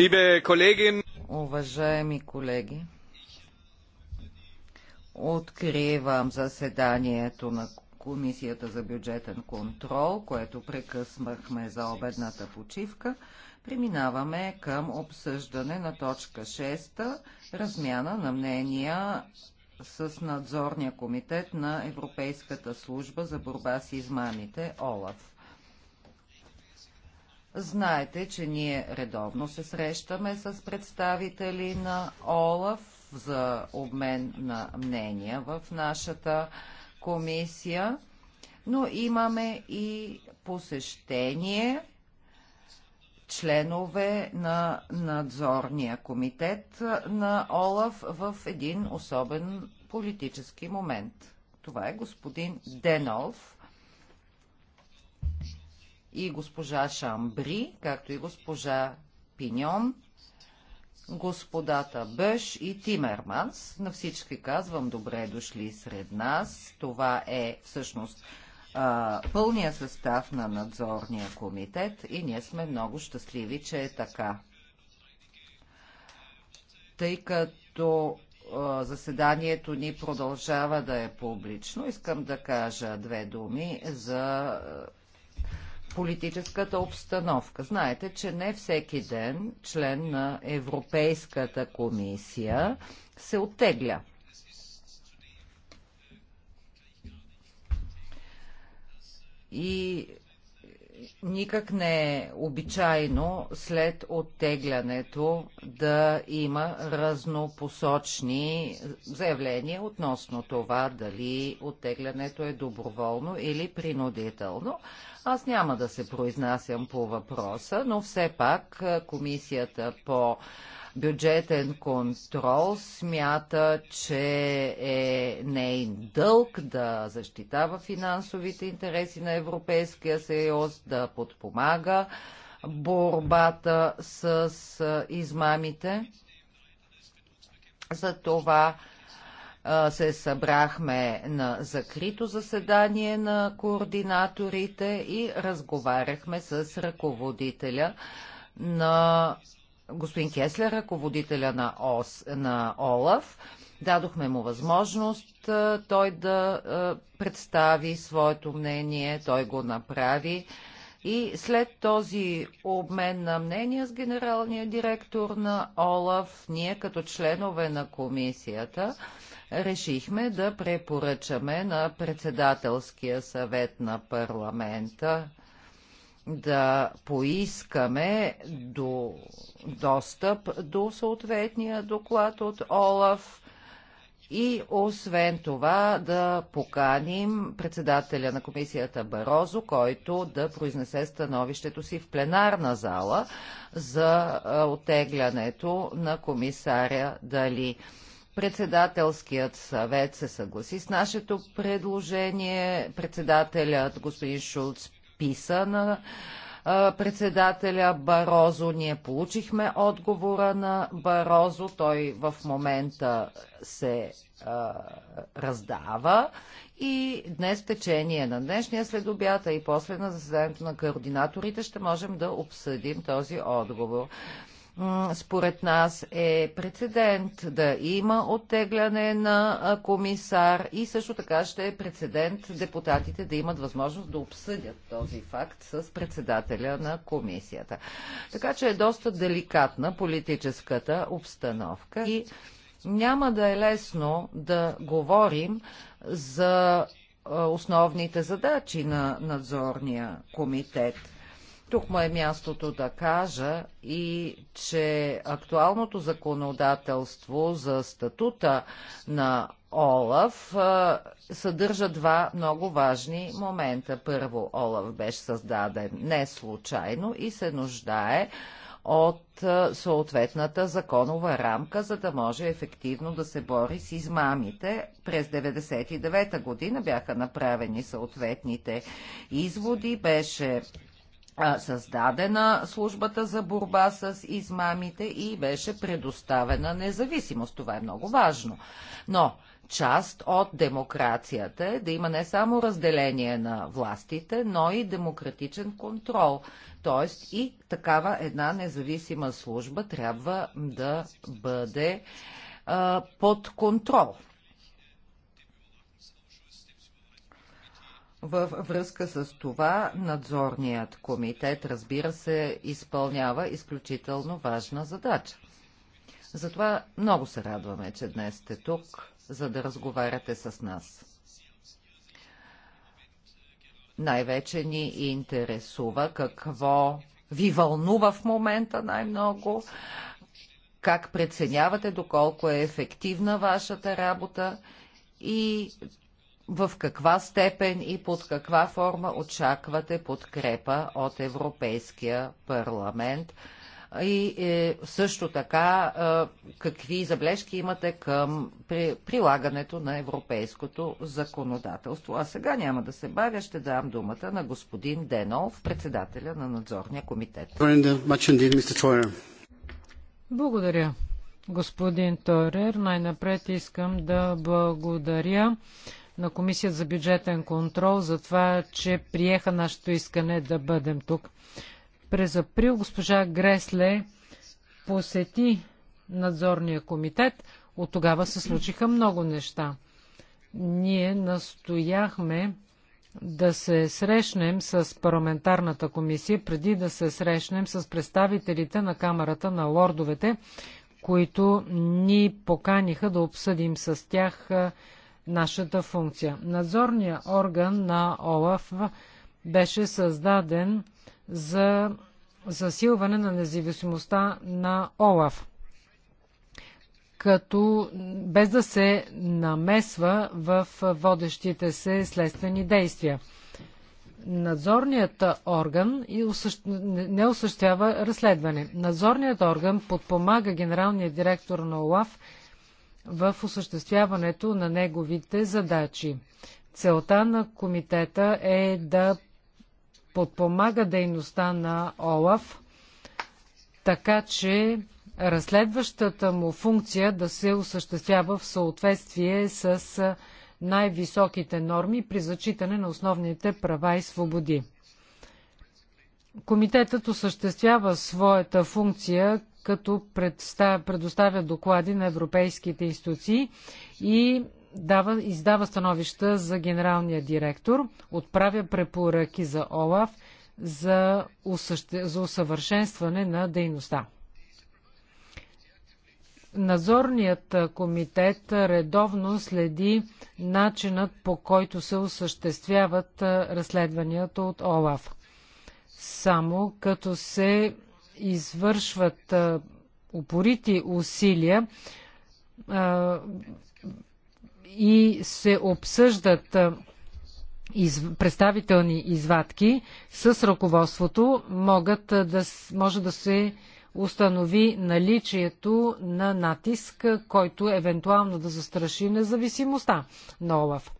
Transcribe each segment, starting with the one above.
Liebe Kollegin... Уважаеми колеги, откривам заседанието на Комисията за бюджетен контрол, което прекъсвахме за обедната почивка. Преминаваме към обсъждане на точка 6, размяна на мнения с надзорния комитет на Европейската служба за борба с измамите ОЛАФ. Знаете, че ние редовно се срещаме с представители на ОЛАФ за обмен на мнения в нашата комисия, но имаме и посещение членове на надзорния комитет на ОЛАФ в един особен политически момент. Това е господин Денов, и госпожа Шамбри, както и госпожа Пиньон, господата Бъш и Тимерманс. На всички казвам добре дошли сред нас. Това е всъщност пълния състав на надзорния комитет и ние сме много щастливи, че е така. Тъй като заседанието ни продължава да е публично, искам да кажа две думи за политическата обстановка. Знаете, че не всеки ден член на Европейската комисия се оттегля. И никак не е обичайно след оттеглянето да има разнопосочни заявления относно това дали оттеглянето е доброволно или принудително. Аз няма да се произнасям по въпроса, но все пак комисията по бюджетен контрол смята, че е нейн е дълг да защитава финансовите интереси на Европейския съюз, да подпомага борбата с измамите. За това се събрахме на закрито заседание на координаторите и разговаряхме с ръководителя на господин Кеслер, ръководителя на, ОС, на ОЛАФ. Дадохме му възможност той да представи своето мнение, той го направи. И след този обмен на мнения с генералния директор на ОЛАФ, ние като членове на комисията решихме да препоръчаме на председателския съвет на парламента да поискаме до достъп до съответния доклад от ОЛАФ и освен това да поканим председателя на комисията Барозо, който да произнесе становището си в пленарна зала за отеглянето на комисаря Дали. Председателският съвет се съгласи с нашето предложение. Председателят господин Шулц писа на председателя Барозо. Ние получихме отговора на Барозо. Той в момента се а, раздава. И днес, в течение на днешния следобят, и после на заседанието на координаторите, ще можем да обсъдим този отговор според нас е прецедент да има оттегляне на комисар и също така ще е прецедент депутатите да имат възможност да обсъдят този факт с председателя на комисията. Така че е доста деликатна политическата обстановка и няма да е лесно да говорим за основните задачи на надзорния комитет. Тук му е мястото да кажа и, че актуалното законодателство за статута на Олаф съдържа два много важни момента. Първо, Олаф беше създаден не случайно и се нуждае от съответната законова рамка, за да може ефективно да се бори с измамите. През 1999 година бяха направени съответните изводи, беше създадена службата за борба с измамите и беше предоставена независимост. Това е много важно. Но част от демокрацията е да има не само разделение на властите, но и демократичен контрол. Тоест и такава една независима служба трябва да бъде а, под контрол. Във връзка с това надзорният комитет, разбира се, изпълнява изключително важна задача. Затова много се радваме, че днес сте тук, за да разговаряте с нас. Най-вече ни интересува какво ви вълнува в момента най-много, как преценявате доколко е ефективна вашата работа и в каква степен и под каква форма очаквате подкрепа от Европейския парламент? И е, също така, е, какви забележки имате към при, прилагането на европейското законодателство? А сега няма да се бавя, ще дам думата на господин Денов, председателя на надзорния комитет. Благодаря, господин Торер. Най-напред искам да благодаря на Комисията за бюджетен контрол за това, че приеха нашето искане да бъдем тук. През април госпожа Гресле посети надзорния комитет. От тогава се случиха много неща. Ние настояхме да се срещнем с парламентарната комисия, преди да се срещнем с представителите на Камерата на лордовете, които ни поканиха да обсъдим с тях нашата функция. Надзорният орган на ОЛАФ беше създаден за засилване на независимостта на ОЛАФ, като без да се намесва в водещите се следствени действия. Надзорният орган не осъществява разследване. Надзорният орган подпомага генералния директор на ОЛАФ – в осъществяването на неговите задачи. Целта на комитета е да подпомага дейността на ОЛАФ, така че разследващата му функция да се осъществява в съответствие с най-високите норми при зачитане на основните права и свободи. Комитетът осъществява своята функция като предоставя доклади на европейските институции и дава, издава становища за генералния директор, отправя препоръки за ОЛАФ за, усъще, за усъвършенстване на дейността. Надзорният комитет редовно следи начинът по който се осъществяват разследванията от ОЛАФ. Само като се извършват упорити усилия и се обсъждат представителни извадки с ръководството, могат да, може да се установи наличието на натиск, който евентуално да застраши независимостта на ОЛАВ.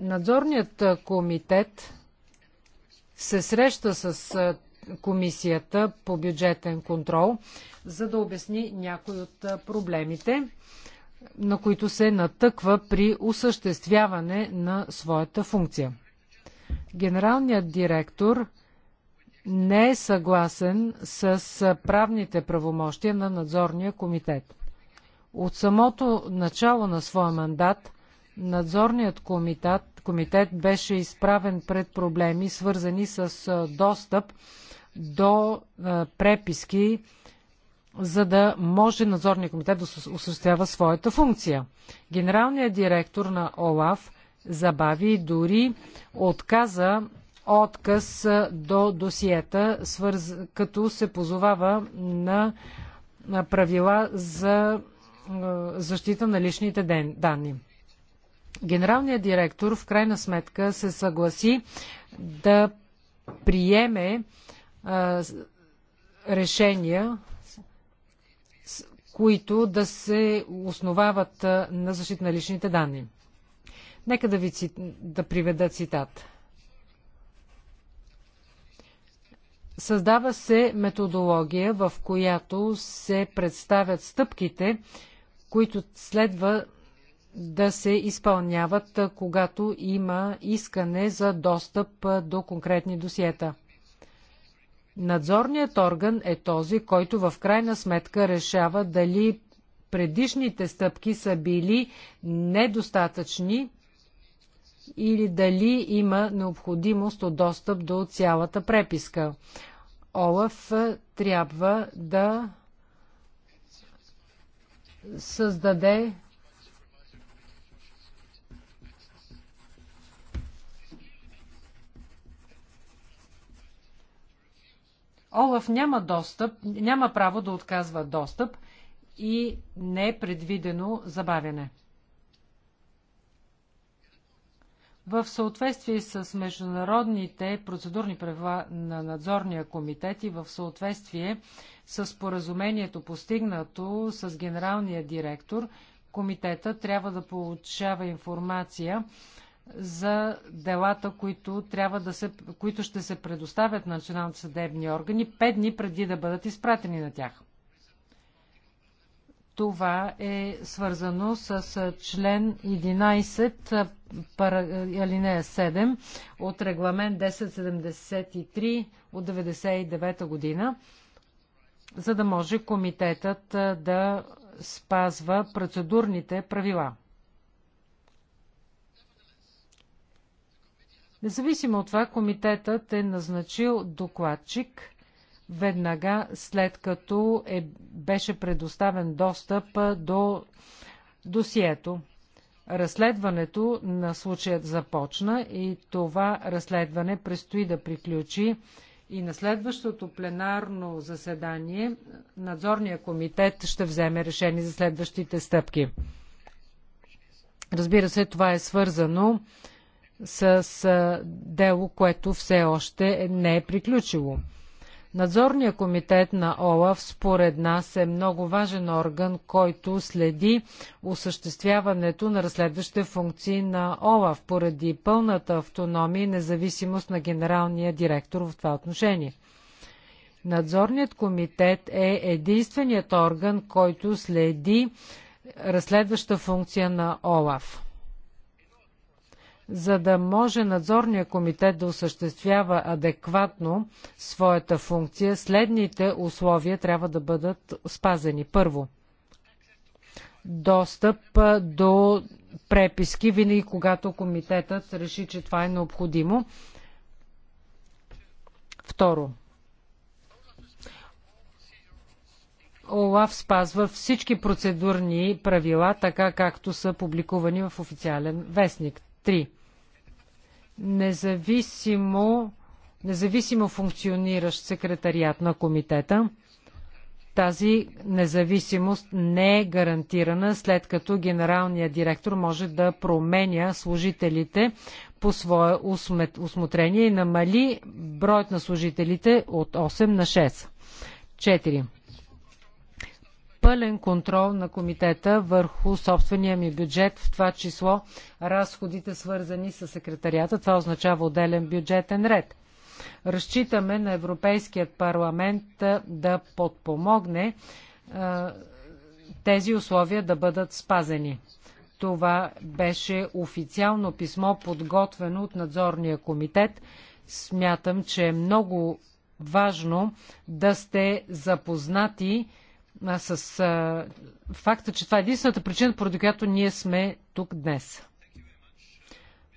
Надзорният комитет се среща с Комисията по бюджетен контрол, за да обясни някои от проблемите, на които се натъква при осъществяване на своята функция. Генералният директор не е съгласен с правните правомощия на надзорния комитет. От самото начало на своя мандат Надзорният комитет, комитет беше изправен пред проблеми, свързани с достъп до преписки, за да може надзорният комитет да осъществява своята функция. Генералният директор на ОЛАФ забави и дори отказа отказ до досиета, свърз... като се позовава на, на правила за защита на личните ден... данни. Генералният директор в крайна сметка се съгласи да приеме решения, които да се основават на защита на личните данни. Нека да ви цит... да приведа цитат. Създава се методология, в която се представят стъпките, които следва да се изпълняват, когато има искане за достъп до конкретни досиета. Надзорният орган е този, който в крайна сметка решава дали предишните стъпки са били недостатъчни или дали има необходимост от достъп до цялата преписка. Олаф трябва да създаде Олаф няма достъп, няма право да отказва достъп и не е предвидено забавяне. В съответствие с международните процедурни правила на надзорния комитет и в съответствие с поразумението постигнато с генералния директор, комитета трябва да получава информация за делата, които, трябва да се, които ще се предоставят на националните съдебни органи пет дни преди да бъдат изпратени на тях. Това е свързано с член 11, алинея 7 от регламент 1073 от 1999 година, за да може комитетът да спазва процедурните правила. Независимо от това, комитетът е назначил докладчик веднага след като е, беше предоставен достъп до досието. Разследването на случая започна и това разследване предстои да приключи и на следващото пленарно заседание надзорния комитет ще вземе решение за следващите стъпки. Разбира се, това е свързано с дело, което все още не е приключило. Надзорният комитет на ОЛАФ според нас е много важен орган, който следи осъществяването на разследващите функции на ОЛАВ поради пълната автономия и независимост на генералния директор в това отношение. Надзорният комитет е единственият орган, който следи разследваща функция на ОЛАВ за да може надзорния комитет да осъществява адекватно своята функция, следните условия трябва да бъдат спазени. Първо, достъп до преписки, винаги когато комитетът реши, че това е необходимо. Второ, ОЛАВ спазва всички процедурни правила, така както са публикувани в официален вестник. Три независимо, независимо функциониращ секретариат на комитета. Тази независимост не е гарантирана, след като генералният директор може да променя служителите по свое усмотрение и намали броят на служителите от 8 на 6. 4 пълен контрол на комитета върху собствения ми бюджет, в това число разходите свързани с секретарията. Това означава отделен бюджетен ред. Разчитаме на Европейският парламент да подпомогне тези условия да бъдат спазени. Това беше официално писмо, подготвено от надзорния комитет. Смятам, че е много важно да сте запознати с а, факта, че това е единствената причина, поради която ние сме тук днес.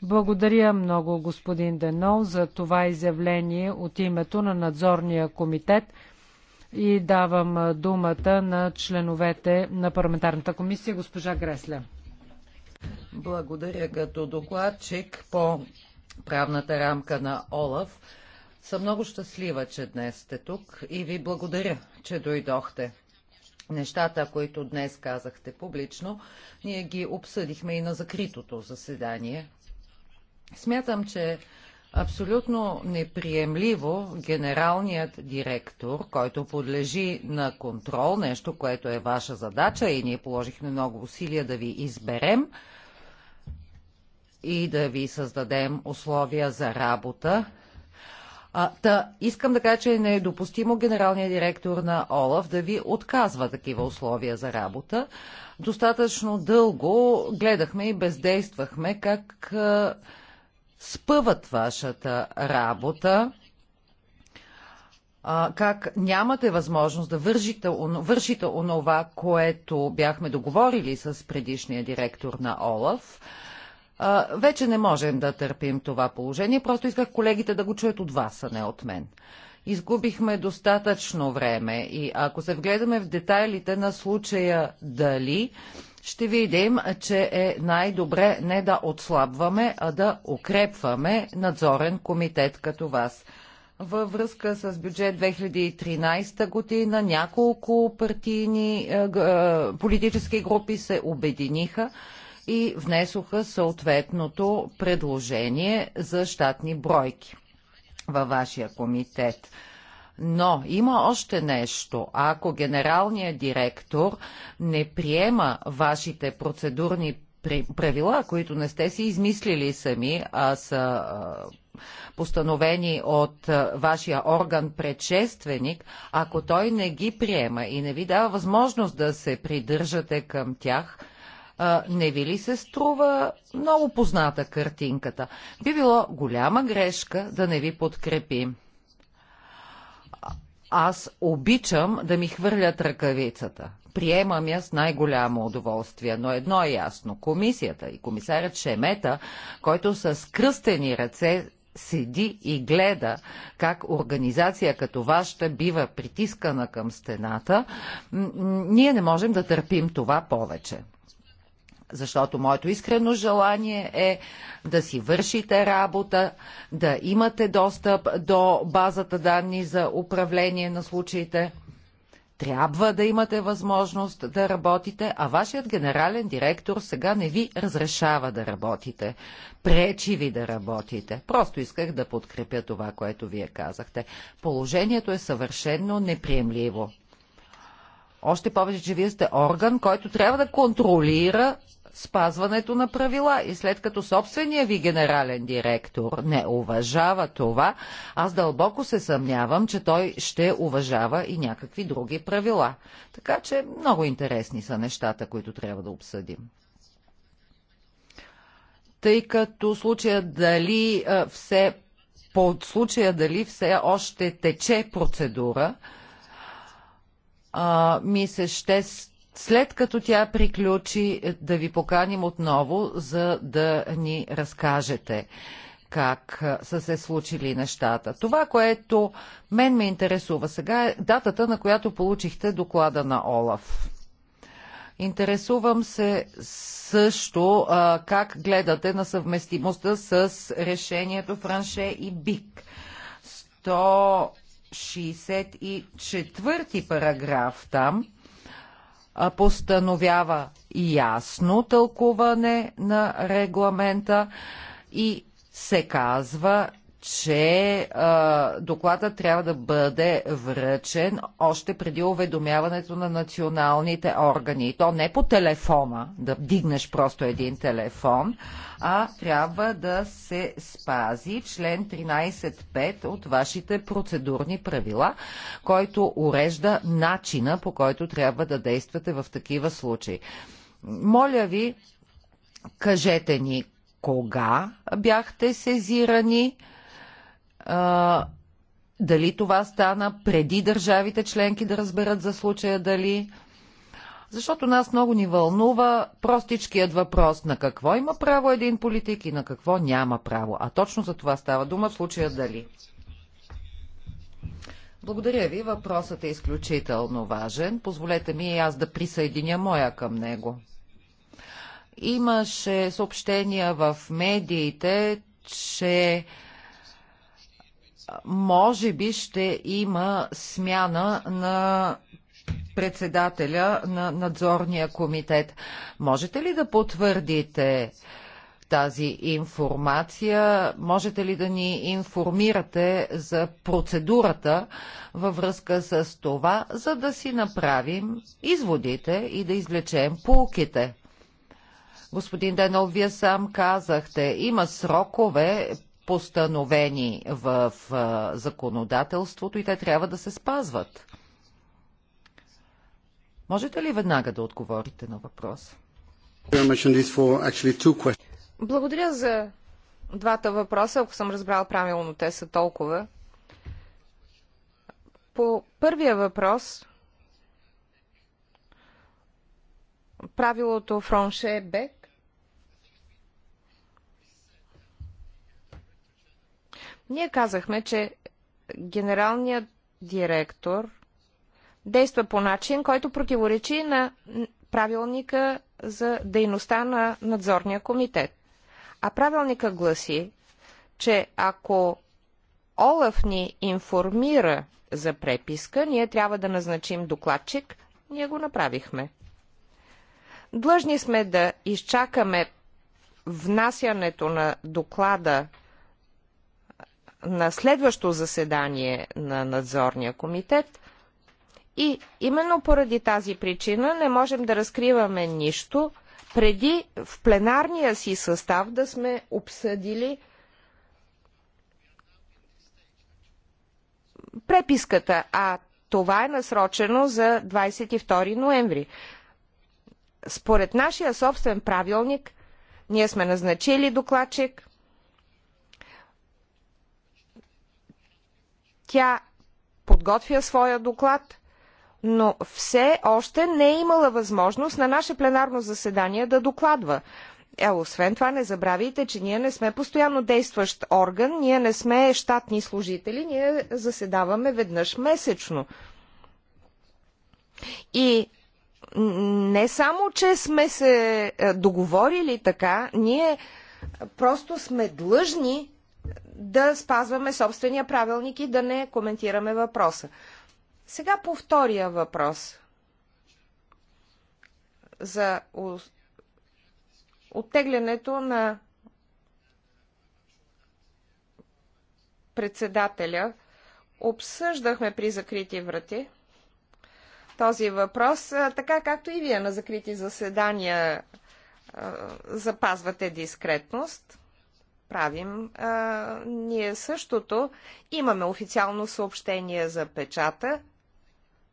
Благодаря много, господин Денол, за това изявление от името на надзорния комитет и давам думата на членовете на парламентарната комисия, госпожа Гресля. Благодаря като докладчик по правната рамка на ОЛАФ. Съм много щастлива, че днес сте тук и ви благодаря, че дойдохте. Нещата, които днес казахте публично, ние ги обсъдихме и на закритото заседание. Смятам, че абсолютно неприемливо генералният директор, който подлежи на контрол, нещо, което е ваша задача и ние положихме много усилия да ви изберем и да ви създадем условия за работа, а, та, искам да кажа, че не е допустимо генералният директор на ОЛАФ да ви отказва такива условия за работа. Достатъчно дълго гледахме и бездействахме как а, спъват вашата работа, а, как нямате възможност да вършите, вършите онова, което бяхме договорили с предишния директор на ОЛАФ. А, вече не можем да търпим това положение. Просто исках колегите да го чуят от вас, а не от мен. Изгубихме достатъчно време и ако се вгледаме в детайлите на случая дали, ще видим, че е най-добре не да отслабваме, а да укрепваме надзорен комитет като вас. Във връзка с бюджет 2013 година няколко партийни е, е, политически групи се обединиха и внесоха съответното предложение за щатни бройки във вашия комитет. Но има още нещо. Ако генералният директор не приема вашите процедурни правила, които не сте си измислили сами, а са постановени от вашия орган предшественик, ако той не ги приема и не ви дава възможност да се придържате към тях, а, не ви ли се струва много позната картинката? Би било голяма грешка да не ви подкрепим. Аз обичам да ми хвърлят ръкавицата. Приемам я с най-голямо удоволствие, но едно е ясно. Комисията и комисарят Шемета, който с кръстени ръце седи и гледа как организация като вашата бива притискана към стената, ние не можем да търпим това повече защото моето искрено желание е да си вършите работа, да имате достъп до базата данни за управление на случаите. Трябва да имате възможност да работите, а вашият генерален директор сега не ви разрешава да работите. Пречи ви да работите. Просто исках да подкрепя това, което вие казахте. Положението е съвършенно неприемливо. Още повече, че вие сте орган, който трябва да контролира спазването на правила. И след като собствения ви генерален директор не уважава това, аз дълбоко се съмнявам, че той ще уважава и някакви други правила. Така че много интересни са нещата, които трябва да обсъдим тъй като случая дали все по случая дали все още тече процедура, а, ми се ще след като тя приключи, е, да ви поканим отново, за да ни разкажете как е, са се случили нещата. Това, което мен ме интересува сега е датата, на която получихте доклада на Олаф. Интересувам се също а, е, как гледате на съвместимостта с решението Франше и БИК. 164 параграф там постановява ясно тълкуване на регламента и се казва, че а, докладът трябва да бъде връчен още преди уведомяването на националните органи. И то не по телефона, да дигнеш просто един телефон, а трябва да се спази член 13.5 от вашите процедурни правила, който урежда начина по който трябва да действате в такива случаи. Моля ви, кажете ни кога бяхте сезирани, а, дали това стана преди държавите членки да разберат за случая, дали защото нас много ни вълнува простичкият въпрос на какво има право един политик и на какво няма право. А точно за това става дума в случая дали. Благодаря ви, въпросът е изключително важен. Позволете ми и аз да присъединя моя към него. Имаше съобщения в медиите, че може би ще има смяна на председателя на надзорния комитет. Можете ли да потвърдите тази информация? Можете ли да ни информирате за процедурата във връзка с това, за да си направим изводите и да извлечем полките? Господин Денов, вие сам казахте, има срокове, постановени в законодателството и те трябва да се спазват. Можете ли веднага да отговорите на въпрос? Благодаря за двата въпроса, ако съм разбрал правилно, те са толкова. По първия въпрос, правилото Фронше Бек Ние казахме, че генералният директор действа по начин, който противоречи на правилника за дейността на надзорния комитет. А правилника гласи, че ако Олаф ни информира за преписка, ние трябва да назначим докладчик, ние го направихме. Длъжни сме да изчакаме внасянето на доклада на следващо заседание на надзорния комитет. И именно поради тази причина не можем да разкриваме нищо преди в пленарния си състав да сме обсъдили преписката, а това е насрочено за 22 ноември. Според нашия собствен правилник, ние сме назначили докладчик, Тя подготвя своя доклад, но все още не е имала възможност на наше пленарно заседание да докладва. Е, освен това, не забравяйте, че ние не сме постоянно действащ орган, ние не сме щатни служители, ние заседаваме веднъж месечно. И не само, че сме се е, договорили така, ние просто сме длъжни да спазваме собствения правилник и да не коментираме въпроса. Сега по втория въпрос за оттеглянето на председателя обсъждахме при закрити врати този въпрос, така както и вие на закрити заседания запазвате дискретност правим а, ние същото. Имаме официално съобщение за печата.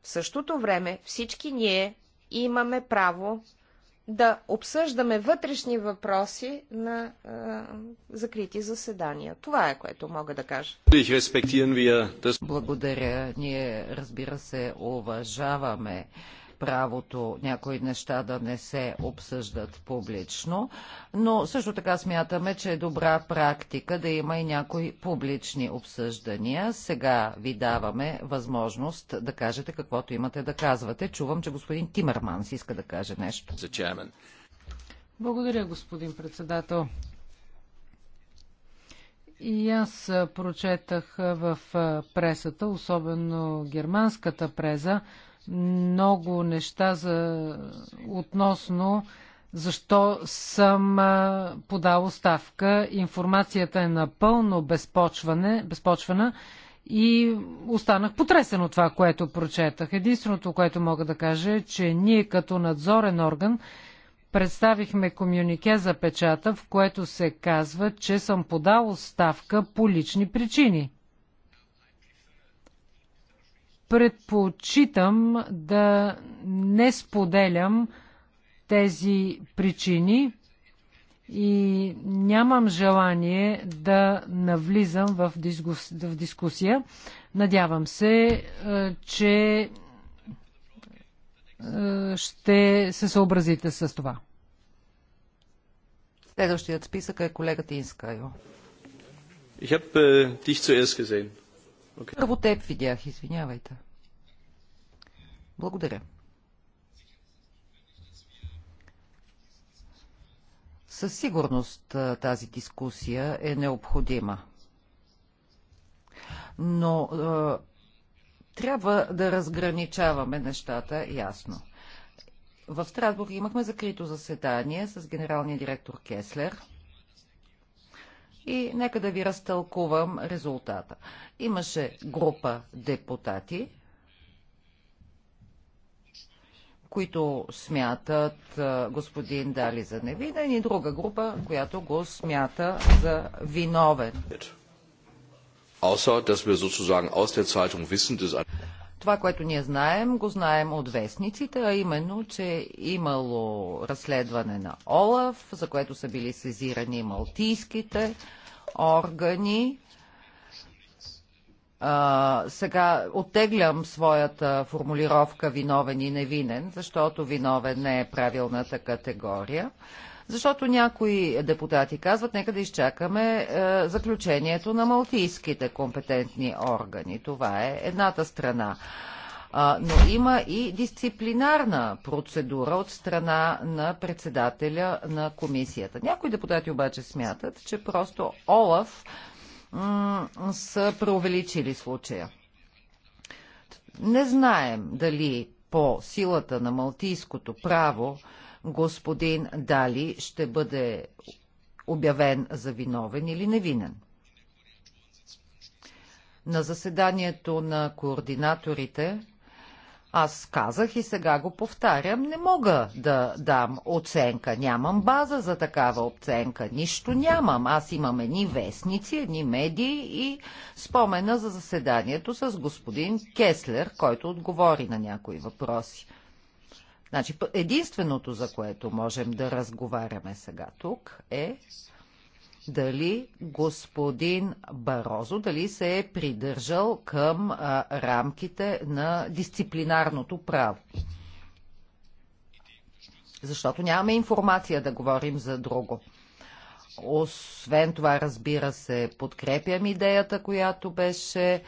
В същото време всички ние имаме право да обсъждаме вътрешни въпроси на а, закрити заседания. Това е което мога да кажа. Благодаря. Ние, разбира се, уважаваме правото някои неща да не се обсъждат публично, но също така смятаме, че е добра практика да има и някои публични обсъждания. Сега ви даваме възможност да кажете каквото имате да казвате. Чувам, че господин Тимерманс иска да каже нещо. Благодаря, господин председател. И аз прочетах в пресата, особено германската преза, много неща за... относно защо съм подал оставка. Информацията е напълно безпочване, безпочвана и останах потресен от това, което прочетах. Единственото, което мога да кажа е, че ние като надзорен орган представихме комюнике за печата, в което се казва, че съм подал оставка по лични причини предпочитам да не споделям тези причини и нямам желание да навлизам в, дискус... в дискусия. Надявам се, е, че е, ще се съобразите с това. Следващият списък е колегата Инскайо. Ich habe äh, е, dich zuerst gesehen. Okay. Първо теб видях, извинявайте. Благодаря. Със сигурност тази дискусия е необходима. Но е, трябва да разграничаваме нещата ясно. В Страсбург имахме закрито заседание с генералния директор Кеслер – и нека да ви разтълкувам резултата. Имаше група депутати, които смятат господин Дали за невинен и друга група, която го смята за виновен. Außer, dass wir sozusagen aus der Zeitung wissen, dass това, което ние знаем, го знаем от вестниците, а именно, че имало разследване на ОЛАФ, за което са били сезирани малтийските органи. А, сега оттеглям своята формулировка виновен и невинен, защото виновен не е правилната категория. Защото някои депутати казват, нека да изчакаме е, заключението на малтийските компетентни органи. Това е едната страна. А, но има и дисциплинарна процедура от страна на председателя на комисията. Някои депутати обаче смятат, че просто Олаф са преувеличили случая. Не знаем дали по силата на малтийското право господин Дали ще бъде обявен за виновен или невинен. На заседанието на координаторите аз казах и сега го повтарям, не мога да дам оценка. Нямам база за такава оценка. Нищо нямам. Аз имам едни вестници, едни медии и спомена за заседанието с господин Кеслер, който отговори на някои въпроси. Значи, единственото, за което можем да разговаряме сега тук е дали господин Барозо, дали се е придържал към а, рамките на дисциплинарното право. Защото нямаме информация да говорим за друго. Освен това, разбира се, подкрепям идеята, която беше а,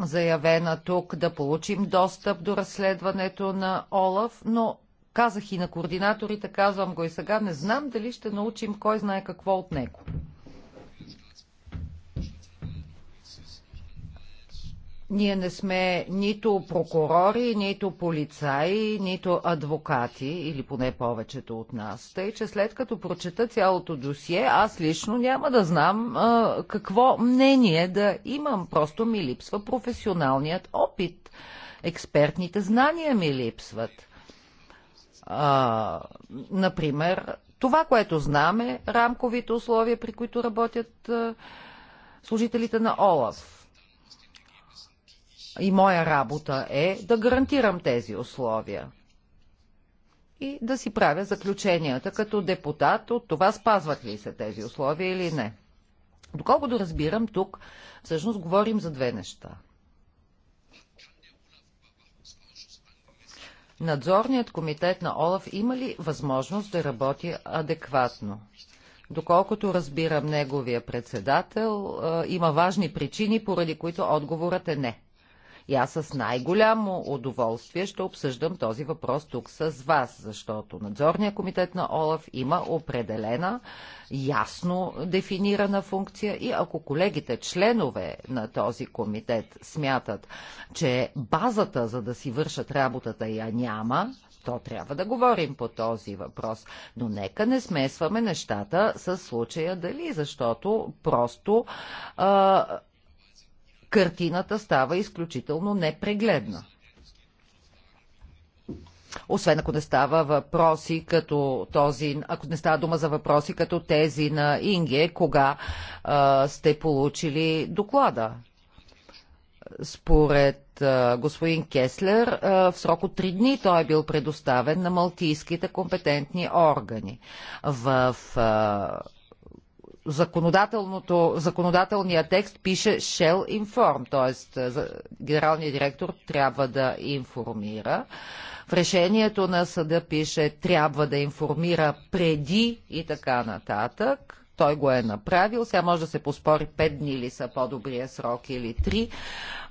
заявена тук, да получим достъп до разследването на Олаф, но казах и на координаторите, казвам го и сега, не знам дали ще научим кой знае какво от него. Ние не сме нито прокурори, нито полицаи, нито адвокати, или поне повечето от нас. Тъй, че след като прочета цялото досие, аз лично няма да знам а, какво мнение да имам. Просто ми липсва професионалният опит. Експертните знания ми липсват. А, например, това, което знаме, рамковите условия, при които работят а, служителите на ОЛАФ и моя работа е да гарантирам тези условия и да си правя заключенията като депутат от това спазват ли се тези условия или не. Доколкото да разбирам, тук всъщност говорим за две неща. Надзорният комитет на Олаф има ли възможност да работи адекватно? Доколкото разбирам неговия председател, има важни причини, поради които отговорът е не. И аз с най-голямо удоволствие ще обсъждам този въпрос тук с вас, защото надзорният комитет на ОЛАФ има определена, ясно дефинирана функция и ако колегите членове на този комитет смятат, че базата за да си вършат работата я няма, то трябва да говорим по този въпрос. Но нека не смесваме нещата с случая дали, защото просто а, картината става изключително непрегледна. Освен ако не става въпроси като този, ако не става дума за въпроси като тези на Инге, кога а, сте получили доклада. Според а, господин Кеслер, а, в срок от три дни той е бил предоставен на малтийските компетентни органи. В а, законодателния текст пише Shell inform, т.е. генералният директор трябва да информира. В решението на съда пише трябва да информира преди и така нататък. Той го е направил. Сега може да се поспори 5 дни ли са по-добрия срок или 3.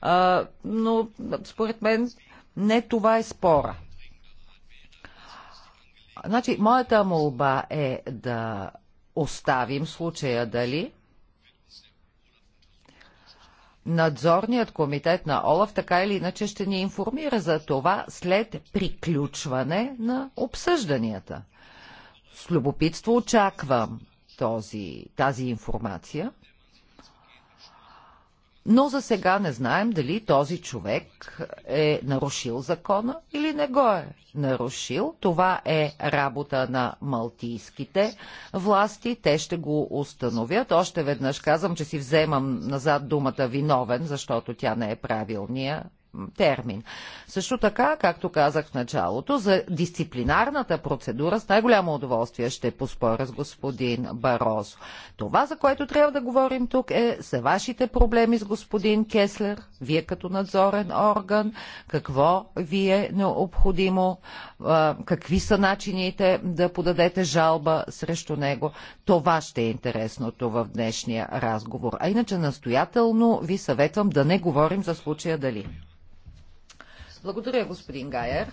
А, но според мен не това е спора. Значи, моята молба е да оставим случая дали надзорният комитет на Олаф така или иначе ще ни информира за това след приключване на обсъжданията. С любопитство очаквам този, тази информация но за сега не знаем дали този човек е нарушил закона или не го е нарушил. Това е работа на малтийските власти. Те ще го установят. Още веднъж казвам, че си вземам назад думата виновен, защото тя не е правилния термин. Също така, както казах в началото, за дисциплинарната процедура с най-голямо удоволствие ще поспоря с господин Барозо. Това, за което трябва да говорим тук е са вашите проблеми с господин Кеслер, вие като надзорен орган, какво ви е необходимо, какви са начините да подадете жалба срещу него. Това ще е интересното в днешния разговор. А иначе настоятелно ви съветвам да не говорим за случая дали. Благодаря, господин Гайер.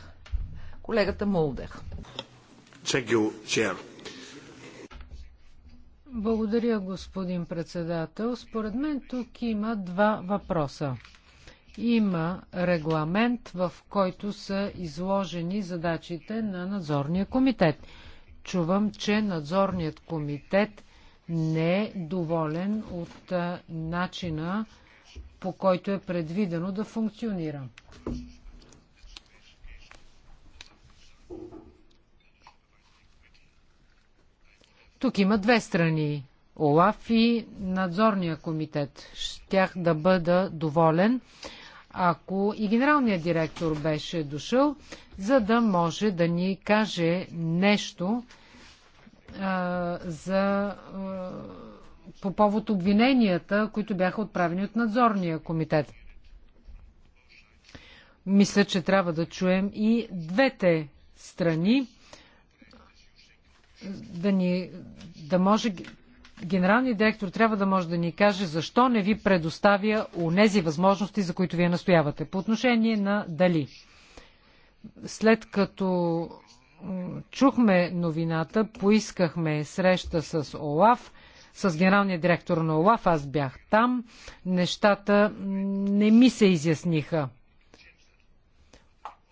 Колегата Молдер. Благодаря, господин председател. Според мен тук има два въпроса. Има регламент, в който са изложени задачите на надзорния комитет. Чувам, че надзорният комитет не е доволен от начина, по който е предвидено да функционира. Тук има две страни. ОЛАФ и надзорния комитет. Щях да бъда доволен, ако и генералният директор беше дошъл, за да може да ни каже нещо а, за, а, по повод обвиненията, които бяха отправени от надзорния комитет. Мисля, че трябва да чуем и двете страни да ни, да може, генералният директор трябва да може да ни каже защо не ви предоставя онези възможности, за които вие настоявате. По отношение на дали. След като чухме новината, поискахме среща с ОЛАФ, с генералния директор на ОЛАФ, аз бях там, нещата не ми се изясниха.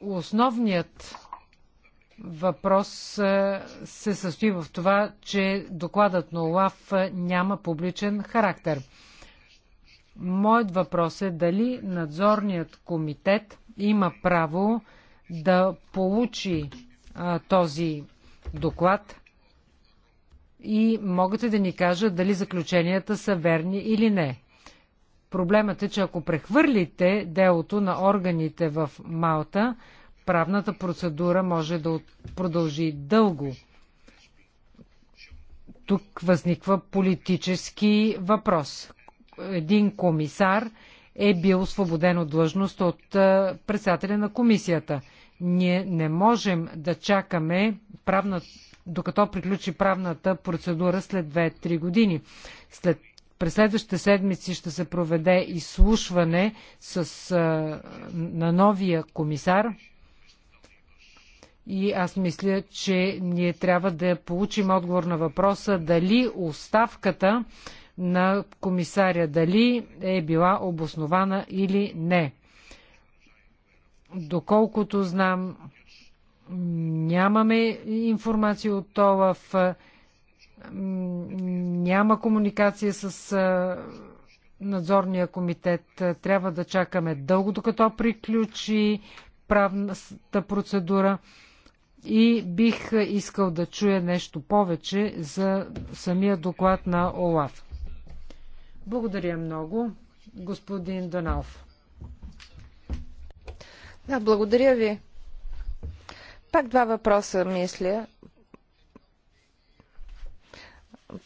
Основният въпрос е, се състои в това, че докладът на ОЛАФ е, няма публичен характер. Моят въпрос е дали надзорният комитет има право да получи а, е, този доклад и могате да ни кажат дали заключенията са верни или не. Проблемът е, че ако прехвърлите делото на органите в Малта, правната процедура може да продължи дълго. Тук възниква политически въпрос. Един комисар е бил освободен от длъжност от председателя на комисията. Ние не можем да чакаме правна, докато приключи правната процедура след 2-3 години. След през следващите седмици ще се проведе изслушване с, на новия комисар и аз мисля, че ние трябва да получим отговор на въпроса дали оставката на комисаря дали е била обоснована или не. Доколкото знам, нямаме информация от в няма комуникация с надзорния комитет. Трябва да чакаме дълго, докато приключи правната процедура и бих искал да чуя нещо повече за самия доклад на ОЛАФ. Благодаря много, господин Доналф. Да, благодаря ви. Пак два въпроса, мисля.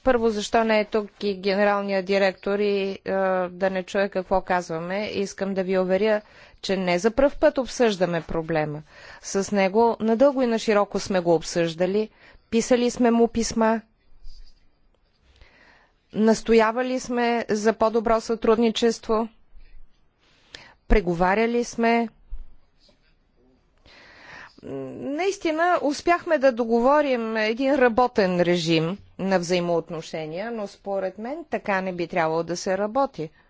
Първо, защо не е тук и генералния директор и е, да не чуя какво казваме. Искам да ви уверя, че не за пръв път обсъждаме проблема. С него надълго и на широко сме го обсъждали, писали сме му писма, настоявали сме за по-добро сътрудничество, преговаряли сме. Наистина успяхме да договорим един работен режим на взаимоотношения, но според мен така не би трябвало да се работи –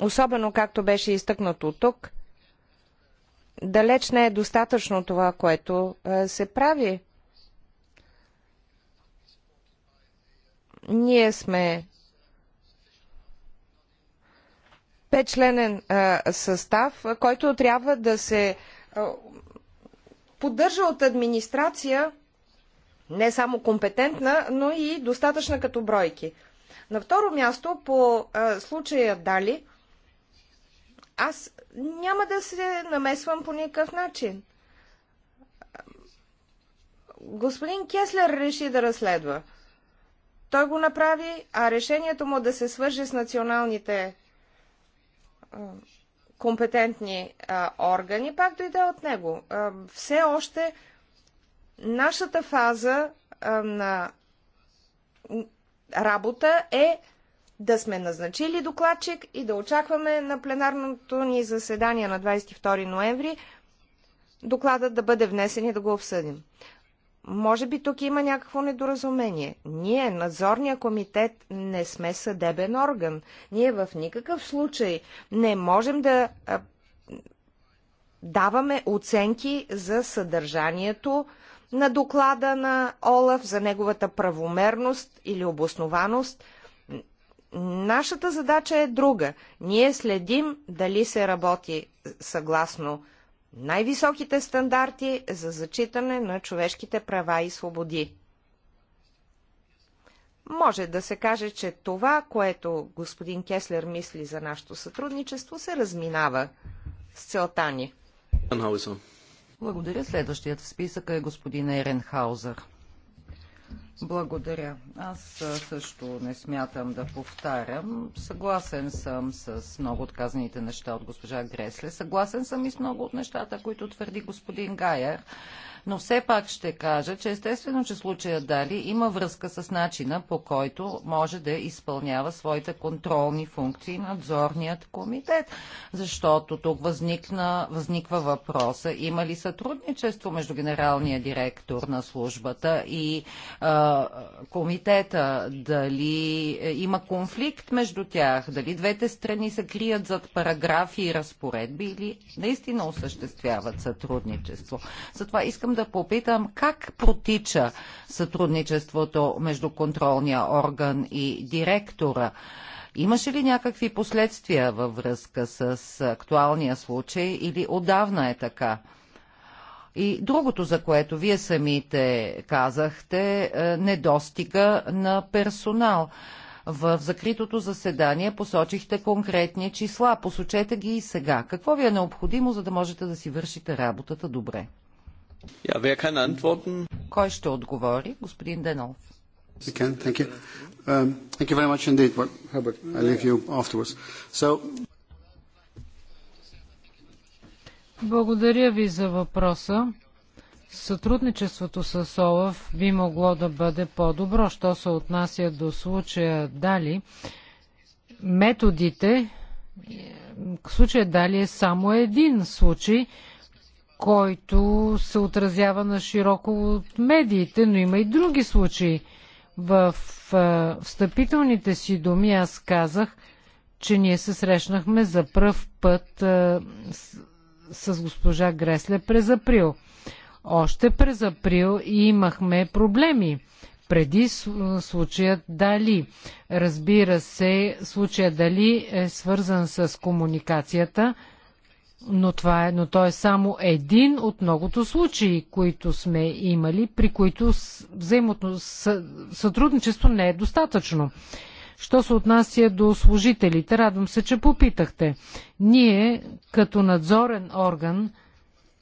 особено както беше изтъкнато тук, далеч не е достатъчно това, което е, се прави. Ние сме петчленен е, състав, който трябва да се е, поддържа от администрация не само компетентна, но и достатъчна като бройки. На второ място, по случая Дали, аз няма да се намесвам по никакъв начин. Господин Кеслер реши да разследва. Той го направи, а решението му да се свърже с националните компетентни а, органи, пак дойде от него. А, все още нашата фаза а, на работа е да сме назначили докладчик и да очакваме на пленарното ни заседание на 22 ноември докладът да бъде внесен и да го обсъдим. Може би тук има някакво недоразумение. Ние, надзорния комитет, не сме съдебен орган. Ние в никакъв случай не можем да а, даваме оценки за съдържанието на доклада на Олаф, за неговата правомерност или обоснованост – Нашата задача е друга. Ние следим дали се работи съгласно най-високите стандарти за зачитане на човешките права и свободи. Може да се каже, че това, което господин Кеслер мисли за нашето сътрудничество, се разминава с целта ни. Благодаря. Следващият в списъка е господин Еренхаузър. Благодаря. Аз също не смятам да повтарям. Съгласен съм с много от казаните неща от госпожа Гресле. Съгласен съм и с много от нещата, които твърди господин Гайер. Но все пак ще кажа, че естествено, че случая Дали има връзка с начина по който може да изпълнява своите контролни функции надзорният комитет. Защото тук възникна, възниква въпроса, има ли сътрудничество между генералния директор на службата и а, комитета, дали е, има конфликт между тях, дали двете страни се крият зад параграфи и разпоредби или наистина осъществяват сътрудничество. Затова искам искам да попитам как протича сътрудничеството между контролния орган и директора. Имаше ли някакви последствия във връзка с актуалния случай или отдавна е така? И другото, за което вие самите казахте, е, недостига на персонал. В закритото заседание посочихте конкретни числа. Посочете ги и сега. Какво ви е необходимо, за да можете да си вършите работата добре? Кой ще отговори? Господин Денов. Um, Благодаря ви за въпроса. Сътрудничеството с ОЛАФ би могло да бъде по-добро, що се отнася до случая Дали. Методите, е, случая Дали е само един случай, който се отразява на широко от медиите, но има и други случаи. В е, встъпителните си думи аз казах, че ние се срещнахме за пръв път а, е, с, с госпожа Гресле през април. Още през април имахме проблеми. Преди случаят Дали. Разбира се, случая Дали е свързан с комуникацията – но, това е, но то е само един от многото случаи, които сме имали, при които взаимното сътрудничество не е достатъчно. Що се отнася до служителите, радвам се, че попитахте. Ние, като надзорен орган,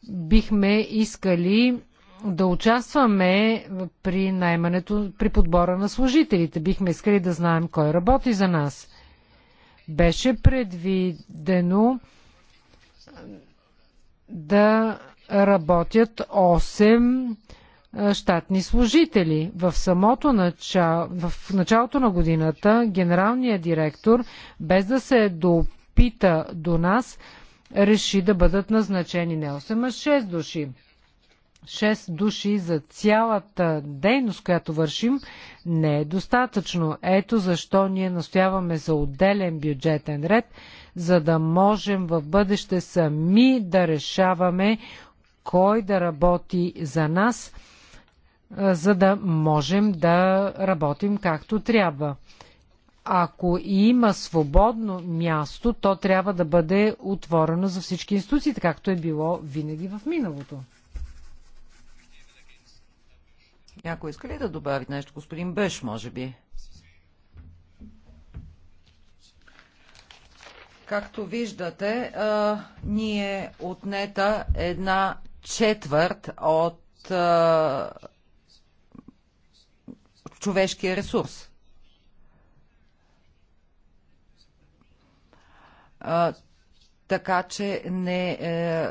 бихме искали да участваме при наймането, при подбора на служителите. Бихме искали да знаем кой работи за нас. Беше предвидено да работят 8 щатни служители. В самото начало, в началото на годината генералният директор, без да се допита до нас, реши да бъдат назначени не 8, а 6 души. 6 души за цялата дейност, която вършим, не е достатъчно. Ето защо ние настояваме за отделен бюджетен ред, за да можем в бъдеще сами да решаваме кой да работи за нас, за да можем да работим както трябва. Ако има свободно място, то трябва да бъде отворено за всички институции, както е било винаги в миналото. Някой иска ли да добави нещо? Господин Беш, може би. Както виждате, а, ние отнета една четвърт от а, човешкия ресурс. А, така че не. Е,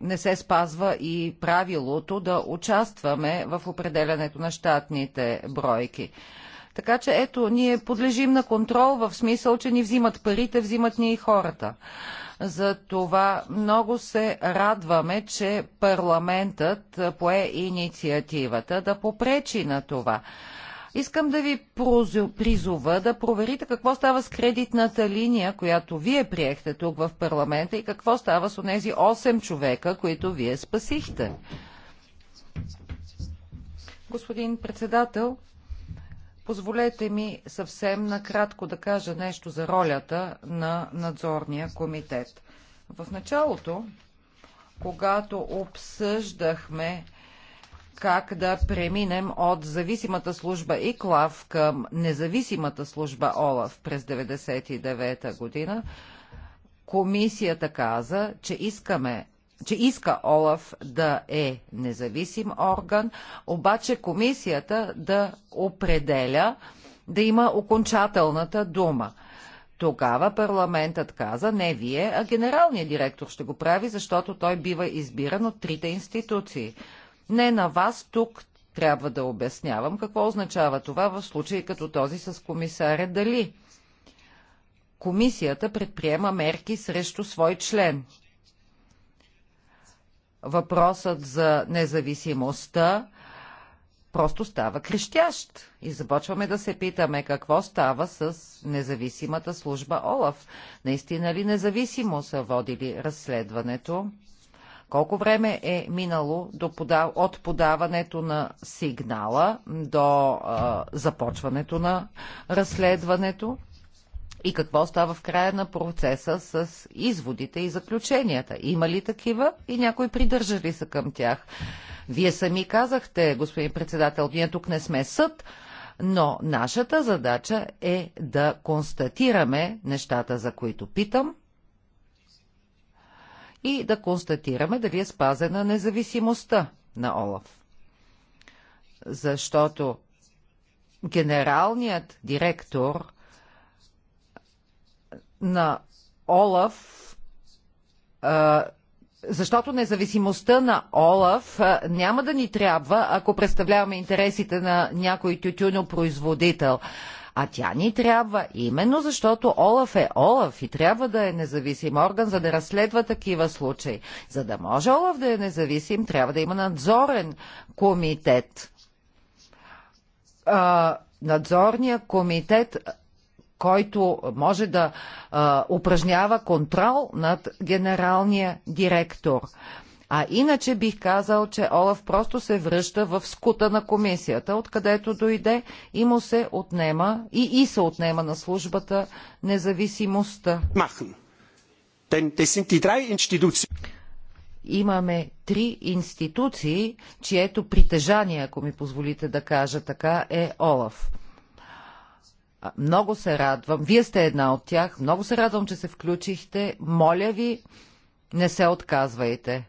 не се спазва и правилото да участваме в определянето на щатните бройки. Така че ето, ние подлежим на контрол в смисъл, че ни взимат парите, взимат ни и хората. За това много се радваме, че парламентът пое инициативата да попречи на това. Искам да ви призова да проверите какво става с кредитната линия, която вие приехте тук в парламента и какво става с тези 8 човека, които вие спасихте. Господин председател, позволете ми съвсем накратко да кажа нещо за ролята на надзорния комитет. В началото, когато обсъждахме как да преминем от зависимата служба ИКЛАВ към независимата служба ОЛАВ през 1999 година, комисията каза, че искаме че иска Олаф да е независим орган, обаче комисията да определя, да има окончателната дума. Тогава парламентът каза, не вие, а генералният директор ще го прави, защото той бива избиран от трите институции. Не на вас тук трябва да обяснявам какво означава това в случай като този с комисаря Дали. Комисията предприема мерки срещу свой член. Въпросът за независимостта просто става крещящ. И започваме да се питаме какво става с независимата служба Олаф. Наистина ли независимо са водили разследването? Колко време е минало до подав... от подаването на сигнала до а, започването на разследването? И какво става в края на процеса с изводите и заключенията? Има ли такива и някой придържа ли са към тях? Вие сами казахте, господин председател, ние тук не сме съд, но нашата задача е да констатираме нещата, за които питам, и да констатираме дали е спазена независимостта на Олаф. Защото генералният директор на Олаф защото независимостта на Олаф няма да ни трябва, ако представляваме интересите на някой тютюнопроизводител. производител а тя ни трябва именно защото Олаф е Олаф и трябва да е независим орган, за да разследва такива случаи. За да може Олаф да е независим, трябва да има надзорен комитет. А, надзорния комитет който може да а, упражнява контрол над генералния директор. А, а иначе бих казал, че Олаф просто се връща в скута на комисията, откъдето дойде и му се отнема и, и се отнема на службата независимостта. Имаме три институции, чието притежание, ако ми позволите да кажа така, е Олаф. Много се радвам. Вие сте една от тях. Много се радвам, че се включихте. Моля ви, не се отказвайте.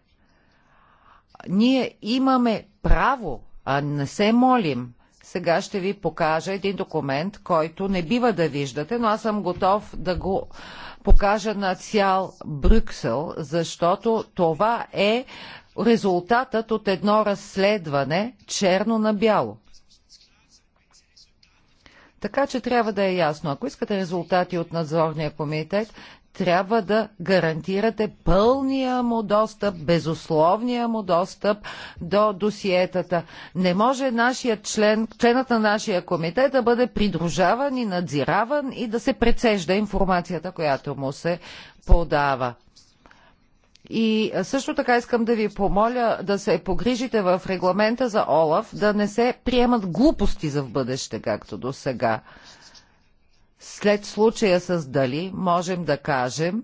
Ние имаме право, а не се молим. Сега ще ви покажа един документ, който не бива да виждате, но аз съм готов да го покажа на цял Брюксел, защото това е резултатът от едно разследване черно на бяло. Така че трябва да е ясно. Ако искате резултати от надзорния комитет, трябва да гарантирате пълния му достъп, безусловния му достъп до досиетата. Не може нашия член, членът на нашия комитет да бъде придружаван и надзираван и да се прецежда информацията, която му се подава. И също така искам да ви помоля да се погрижите в регламента за ОЛАФ да не се приемат глупости за в бъдеще, както до сега. След случая с Дали можем да кажем,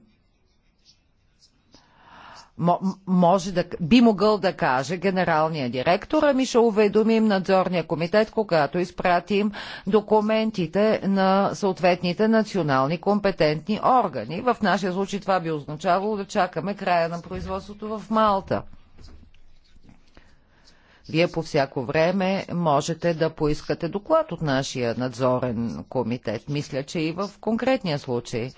може да, би могъл да каже генералния директор, ами ще уведомим надзорния комитет, когато изпратим документите на съответните национални компетентни органи. В нашия случай това би означавало да чакаме края на производството в Малта. Вие по всяко време можете да поискате доклад от нашия надзорен комитет. Мисля, че и в конкретния случай.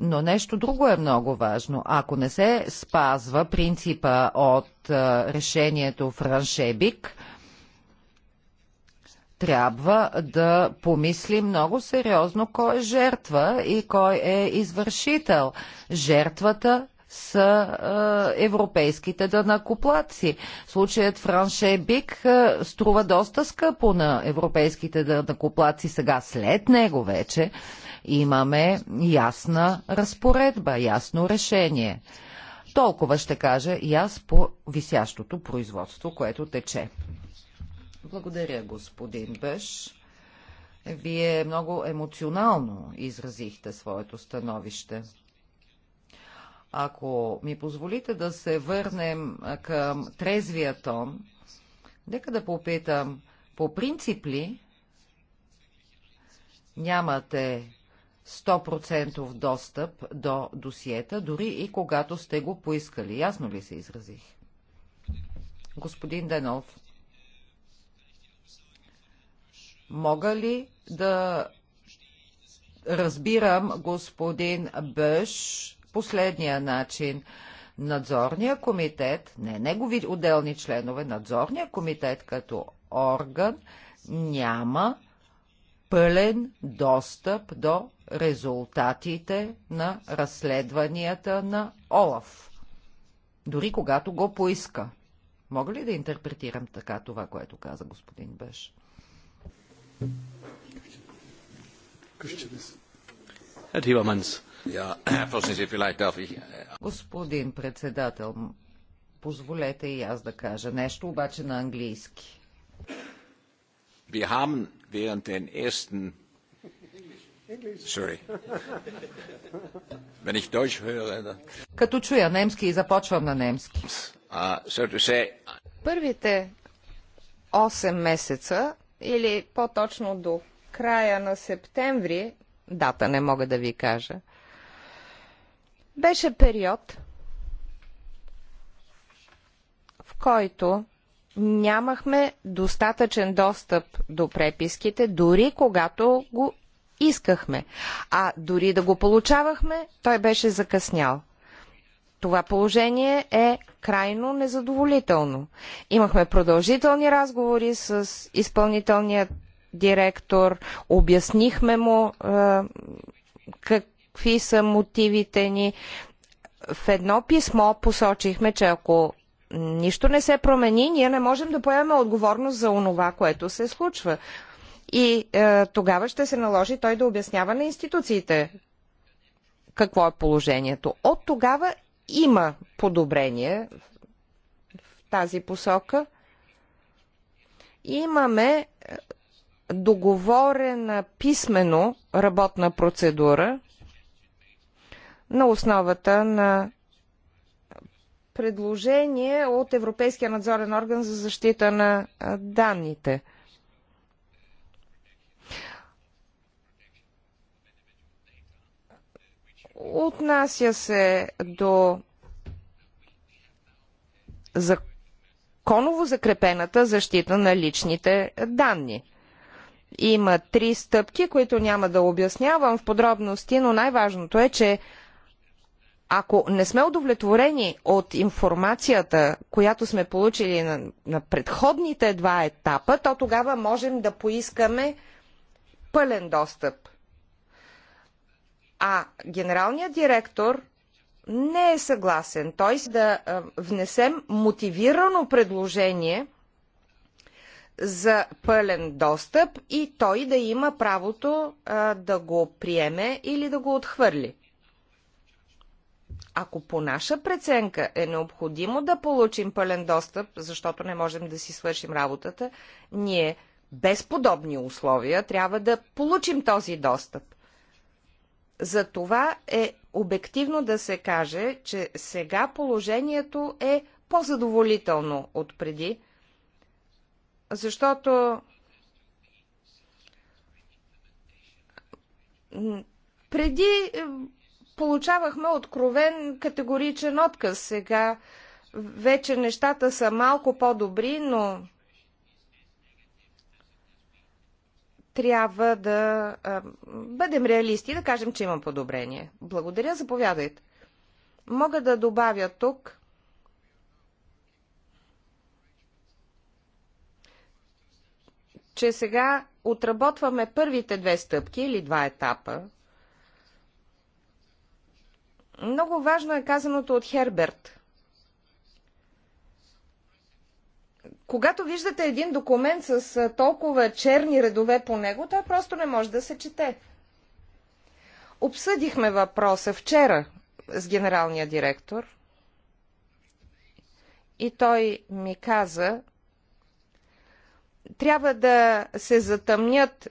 Но нещо друго е много важно. Ако не се спазва принципа от решението Франшебик, трябва да помисли много сериозно кой е жертва и кой е извършител. Жертвата са е, европейските данакоплаци. Случаят Франше Бик е, струва доста скъпо на европейските данакоплаци сега след него вече. Имаме ясна разпоредба, ясно решение. Толкова ще кажа и аз по висящото производство, което тече. Благодаря, господин Беш. Вие много емоционално изразихте своето становище. Ако ми позволите да се върнем към трезвия тон, нека да попитам, по принцип ли нямате 100% достъп до досиета, дори и когато сте го поискали? Ясно ли се изразих? Господин Денов, мога ли да разбирам господин Бъш, последния начин. Надзорния комитет, не негови отделни членове, надзорния комитет като орган няма пълен достъп до резултатите на разследванията на Олаф, дори когато го поиска. Мога ли да интерпретирам така това, което каза господин Беш? Herr Timmermans, Äh, Господин председател, позволете и аз да кажа нещо, обаче на английски. Като чуя немски и започвам на немски. Първите 8 месеца или по-точно до края на септември, дата не мога да ви кажа, беше период, в който нямахме достатъчен достъп до преписките, дори когато го искахме. А дори да го получавахме, той беше закъснял. Това положение е крайно незадоволително. Имахме продължителни разговори с изпълнителният директор, обяснихме му е, как, какви са мотивите ни. В едно писмо посочихме, че ако нищо не се промени, ние не можем да поемем отговорност за онова, което се случва. И е, тогава ще се наложи той да обяснява на институциите какво е положението. От тогава има подобрение в тази посока. Имаме е, договорена писмено работна процедура на основата на предложение от Европейския надзорен орган за защита на данните. Отнася се до законово закрепената защита на личните данни. Има три стъпки, които няма да обяснявам в подробности, но най-важното е, че ако не сме удовлетворени от информацията, която сме получили на, на предходните два етапа, то тогава можем да поискаме пълен достъп. А генералният директор не е съгласен. Той да внесем мотивирано предложение за пълен достъп и той да има правото а, да го приеме или да го отхвърли. Ако по наша преценка е необходимо да получим пълен достъп, защото не можем да си свършим работата, ние без подобни условия трябва да получим този достъп. За това е обективно да се каже, че сега положението е по-задоволително от преди, защото преди получавахме откровен категоричен отказ. Сега вече нещата са малко по-добри, но трябва да а, бъдем реалисти и да кажем, че има подобрение. Благодаря, заповядайте. Мога да добавя тук, че сега отработваме първите две стъпки или два етапа много важно е казаното от Херберт. Когато виждате един документ с толкова черни редове по него, той просто не може да се чете. Обсъдихме въпроса вчера с генералния директор и той ми каза, трябва да се затъмнят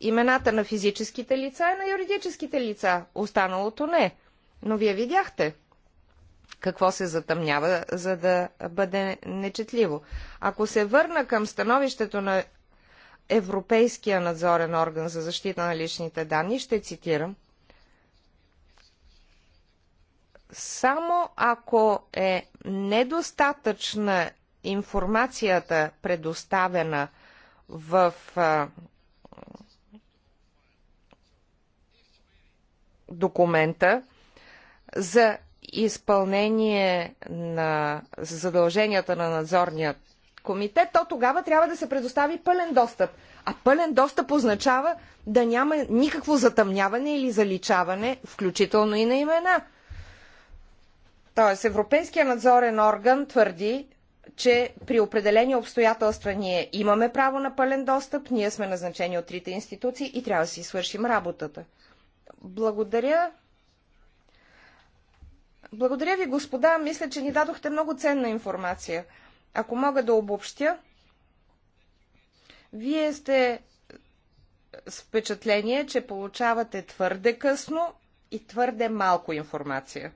имената на физическите лица и на юридическите лица, останалото не. Но вие видяхте какво се затъмнява, за да бъде нечетливо. Ако се върна към становището на Европейския надзорен орган за защита на личните данни, ще цитирам. Само ако е недостатъчна информацията предоставена в а, документа, за изпълнение на задълженията на надзорния комитет, то тогава трябва да се предостави пълен достъп. А пълен достъп означава да няма никакво затъмняване или заличаване, включително и на имена. Тоест, Европейския надзорен орган твърди, че при определени обстоятелства ние имаме право на пълен достъп, ние сме назначени от трите институции и трябва да си свършим работата. Благодаря. Благодаря ви, господа. Мисля, че ни дадохте много ценна информация. Ако мога да обобщя, вие сте с впечатление, че получавате твърде късно и твърде малко информация.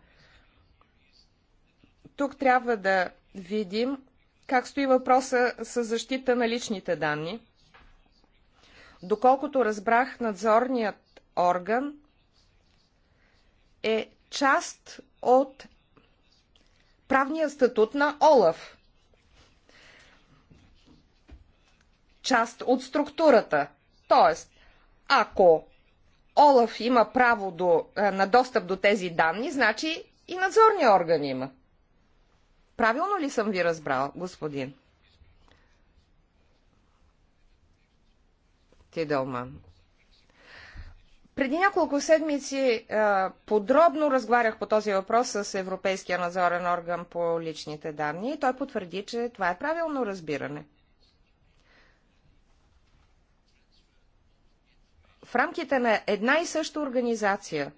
Тук трябва да видим как стои въпроса с защита на личните данни. Доколкото разбрах, надзорният орган е част от правния статут на Олаф. Част от структурата. Тоест, ако Олаф има право до, е, на достъп до тези данни, значи и надзорни органи има. Правилно ли съм ви разбрал, господин? Тидълман. Преди няколко седмици е, подробно разговарях по този въпрос с Европейския надзорен орган по личните данни и той потвърди, че това е правилно разбиране. В рамките на една и съща организация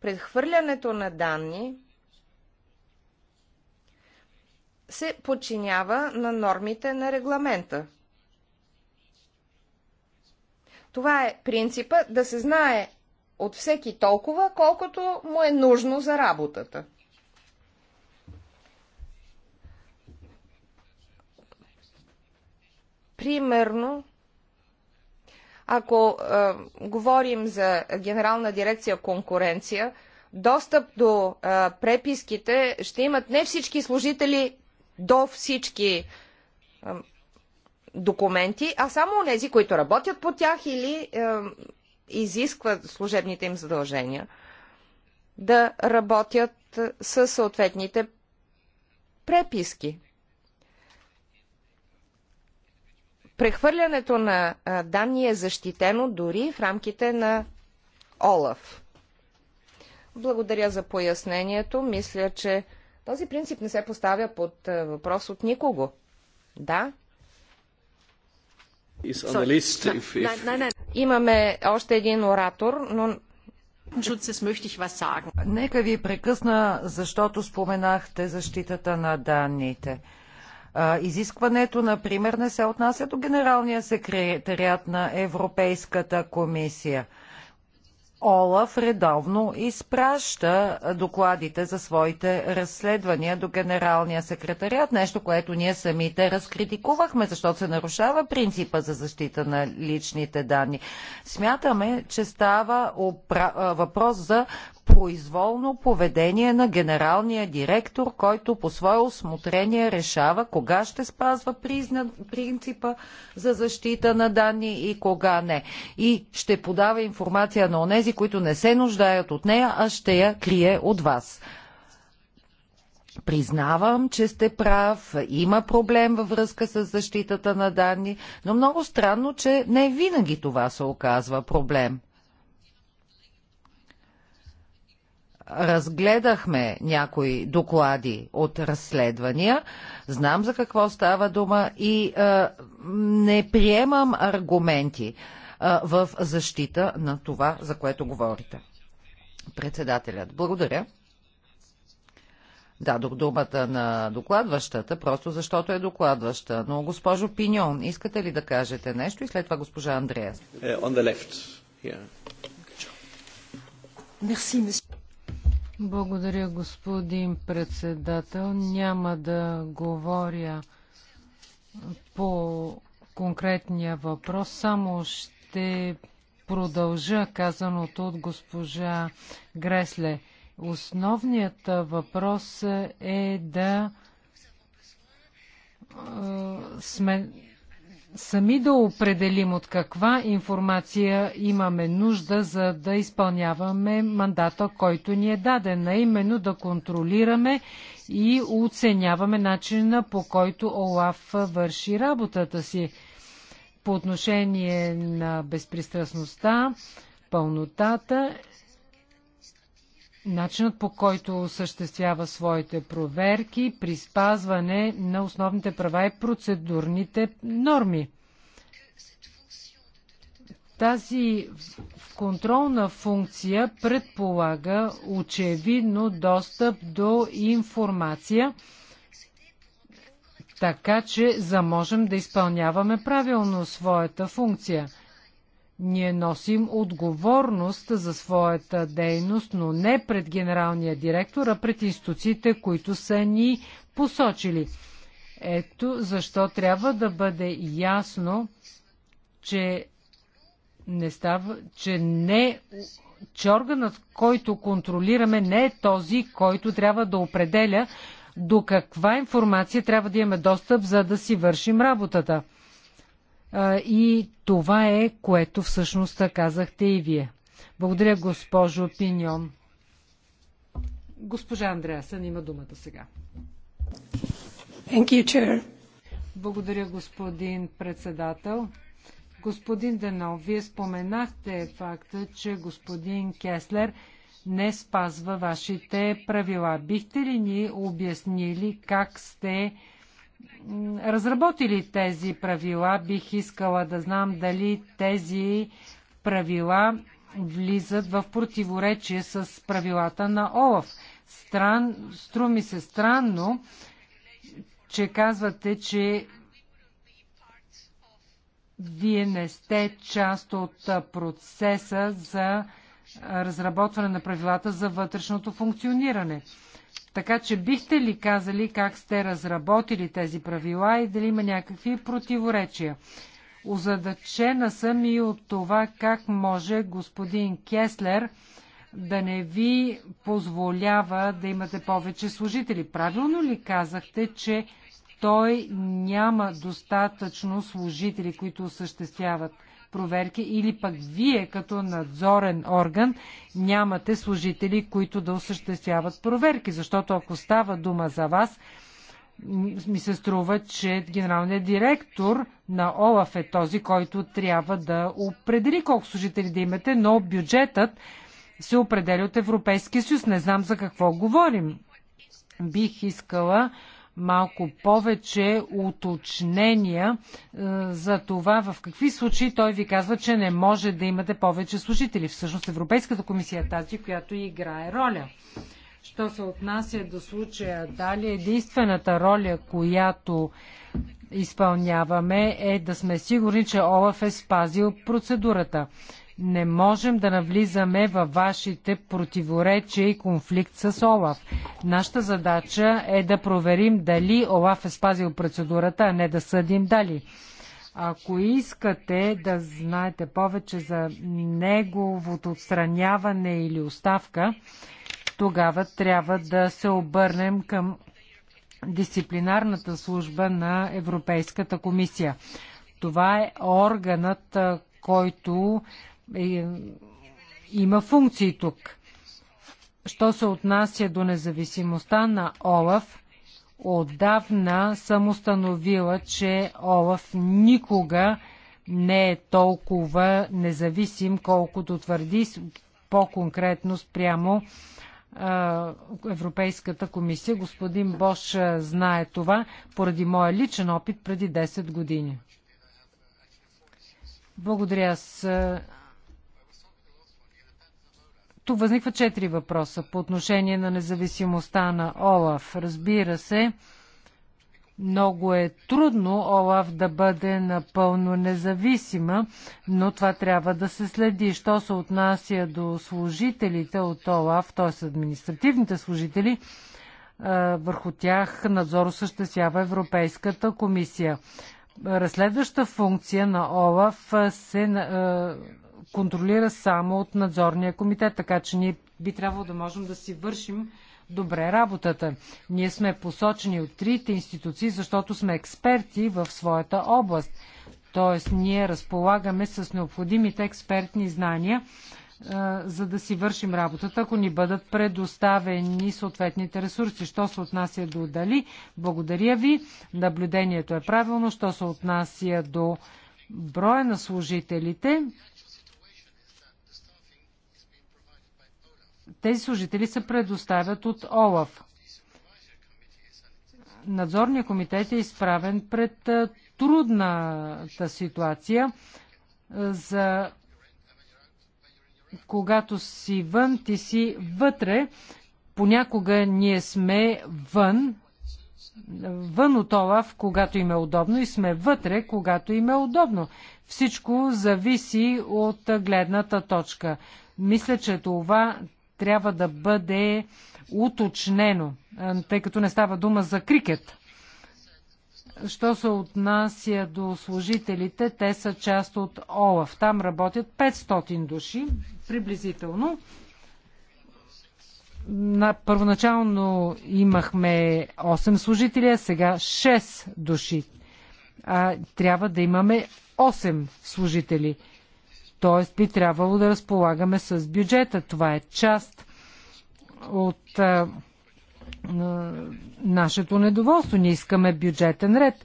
предхвърлянето на данни се подчинява на нормите на регламента – това е принципа да се знае от всеки толкова, колкото му е нужно за работата. Примерно, ако е, говорим за Генерална дирекция конкуренция, достъп до е, преписките ще имат не всички служители до всички е, документи, а само онези, които работят по тях или е, изискват служебните им задължения да работят е, с съответните преписки. Прехвърлянето на е, данни е защитено дори в рамките на ОЛАФ. Благодаря за пояснението. Мисля, че този принцип не се поставя под е, въпрос от никого. Да, Имаме още един оратор, но Нека ви прекъсна, защото споменахте защитата на данните. Изискването, например, не се отнася до Генералния секретариат на Европейската комисия. Олаф редовно изпраща докладите за своите разследвания до Генералния секретарят, нещо, което ние самите разкритикувахме, защото се нарушава принципа за защита на личните данни. Смятаме, че става въпрос за произволно поведение на генералния директор, който по свое осмотрение решава кога ще спазва принципа за защита на данни и кога не. И ще подава информация на онези, които не се нуждаят от нея, а ще я крие от вас. Признавам, че сте прав, има проблем във връзка с защитата на данни, но много странно, че не винаги това се оказва проблем. разгледахме някои доклади от разследвания, знам за какво става дума и а, е, не приемам аргументи а, е, в защита на това, за което говорите. Председателят, благодаря. Дадох думата на докладващата, просто защото е докладваща. Но госпожо Пиньон, искате ли да кажете нещо и след това госпожа Андреас? Е, on the left. Yeah. Merci, благодаря, господин председател. Няма да говоря по конкретния въпрос, само ще продължа казаното от госпожа Гресле. Основният въпрос е да е, сме сами да определим от каква информация имаме нужда, за да изпълняваме мандата, който ни е даден, а именно да контролираме и оценяваме начина по който ОЛАФ върши работата си. По отношение на безпристрастността, пълнотата начинът по който осъществява своите проверки при спазване на основните права и процедурните норми. Тази контролна функция предполага очевидно достъп до информация, така че за можем да изпълняваме правилно своята функция. Ние носим отговорност за своята дейност, но не пред генералния директор, а пред институциите, които са ни посочили. Ето защо трябва да бъде ясно, че не става, че не че органът, който контролираме, не е този, който трябва да определя до каква информация трябва да имаме достъп, за да си вършим работата. И това е, което всъщност казахте и вие. Благодаря, госпожо Пиньон. Госпожа Андреасън има думата сега. Thank you, chair. Благодаря, господин председател. Господин Денов, вие споменахте факта, че господин Кеслер не спазва вашите правила. Бихте ли ни обяснили как сте разработили тези правила. Бих искала да знам дали тези правила влизат в противоречие с правилата на ОЛАФ. Стран, струми се странно, че казвате, че вие не сте част от процеса за разработване на правилата за вътрешното функциониране. Така че бихте ли казали как сте разработили тези правила и дали има някакви противоречия? Озадачена съм и от това как може господин Кеслер да не ви позволява да имате повече служители. Правилно ли казахте, че той няма достатъчно служители, които осъществяват проверки или пък вие като надзорен орган нямате служители, които да осъществяват проверки, защото ако става дума за вас, ми се струва, че генералният директор на ОЛАФ е този, който трябва да определи колко служители да имате, но бюджетът се определя от Европейския съюз. Не знам за какво говорим. Бих искала малко повече уточнения е, за това в какви случаи той ви казва, че не може да имате повече служители. Всъщност Европейската комисия е тази, която играе роля. Що се отнася до случая Дали, единствената роля, която изпълняваме е да сме сигурни, че Олаф е спазил процедурата. Не можем да навлизаме във вашите противоречия и конфликт с Олаф. Нашата задача е да проверим дали Олаф е спазил процедурата, а не да съдим дали. Ако искате да знаете повече за неговото отстраняване или оставка, тогава трябва да се обърнем към дисциплинарната служба на Европейската комисия. Това е органът, който е, има функции тук. Що се отнася до независимостта на Олаф, отдавна съм установила, че Олаф никога не е толкова независим, колкото твърди по-конкретно спрямо Европейската комисия. Господин Бош знае това поради моя личен опит преди 10 години. Благодаря. Аз тук възникват четири въпроса по отношение на независимостта на ОЛАФ. Разбира се, много е трудно ОЛАФ да бъде напълно независима, но това трябва да се следи. Що се отнася до служителите от ОЛАФ, т.е. административните служители, върху тях надзор осъществява Европейската комисия. Разследваща функция на ОЛАФ се контролира само от надзорния комитет, така че ние би трябвало да можем да си вършим добре работата. Ние сме посочени от трите институции, защото сме експерти в своята област. Тоест, ние разполагаме с необходимите експертни знания, за да си вършим работата, ако ни бъдат предоставени съответните ресурси. Що се отнася до дали, благодаря ви. Наблюдението е правилно. Що се отнася до броя на служителите, Тези служители се предоставят от ОЛАФ. Надзорният комитет е изправен пред трудната ситуация за когато си вън, ти си вътре. Понякога ние сме вън, вън от Олаф, когато им е удобно, и сме вътре, когато им е удобно. Всичко зависи от гледната точка. Мисля, че това трябва да бъде уточнено, тъй като не става дума за крикет. Що се отнася до служителите, те са част от ОЛАФ. Там работят 500 души, приблизително. На, първоначално имахме 8 служители, а сега 6 души. А, трябва да имаме 8 служители. Т.е. би трябвало да разполагаме с бюджета. Това е част от а, а, нашето недоволство. Ние искаме бюджетен ред.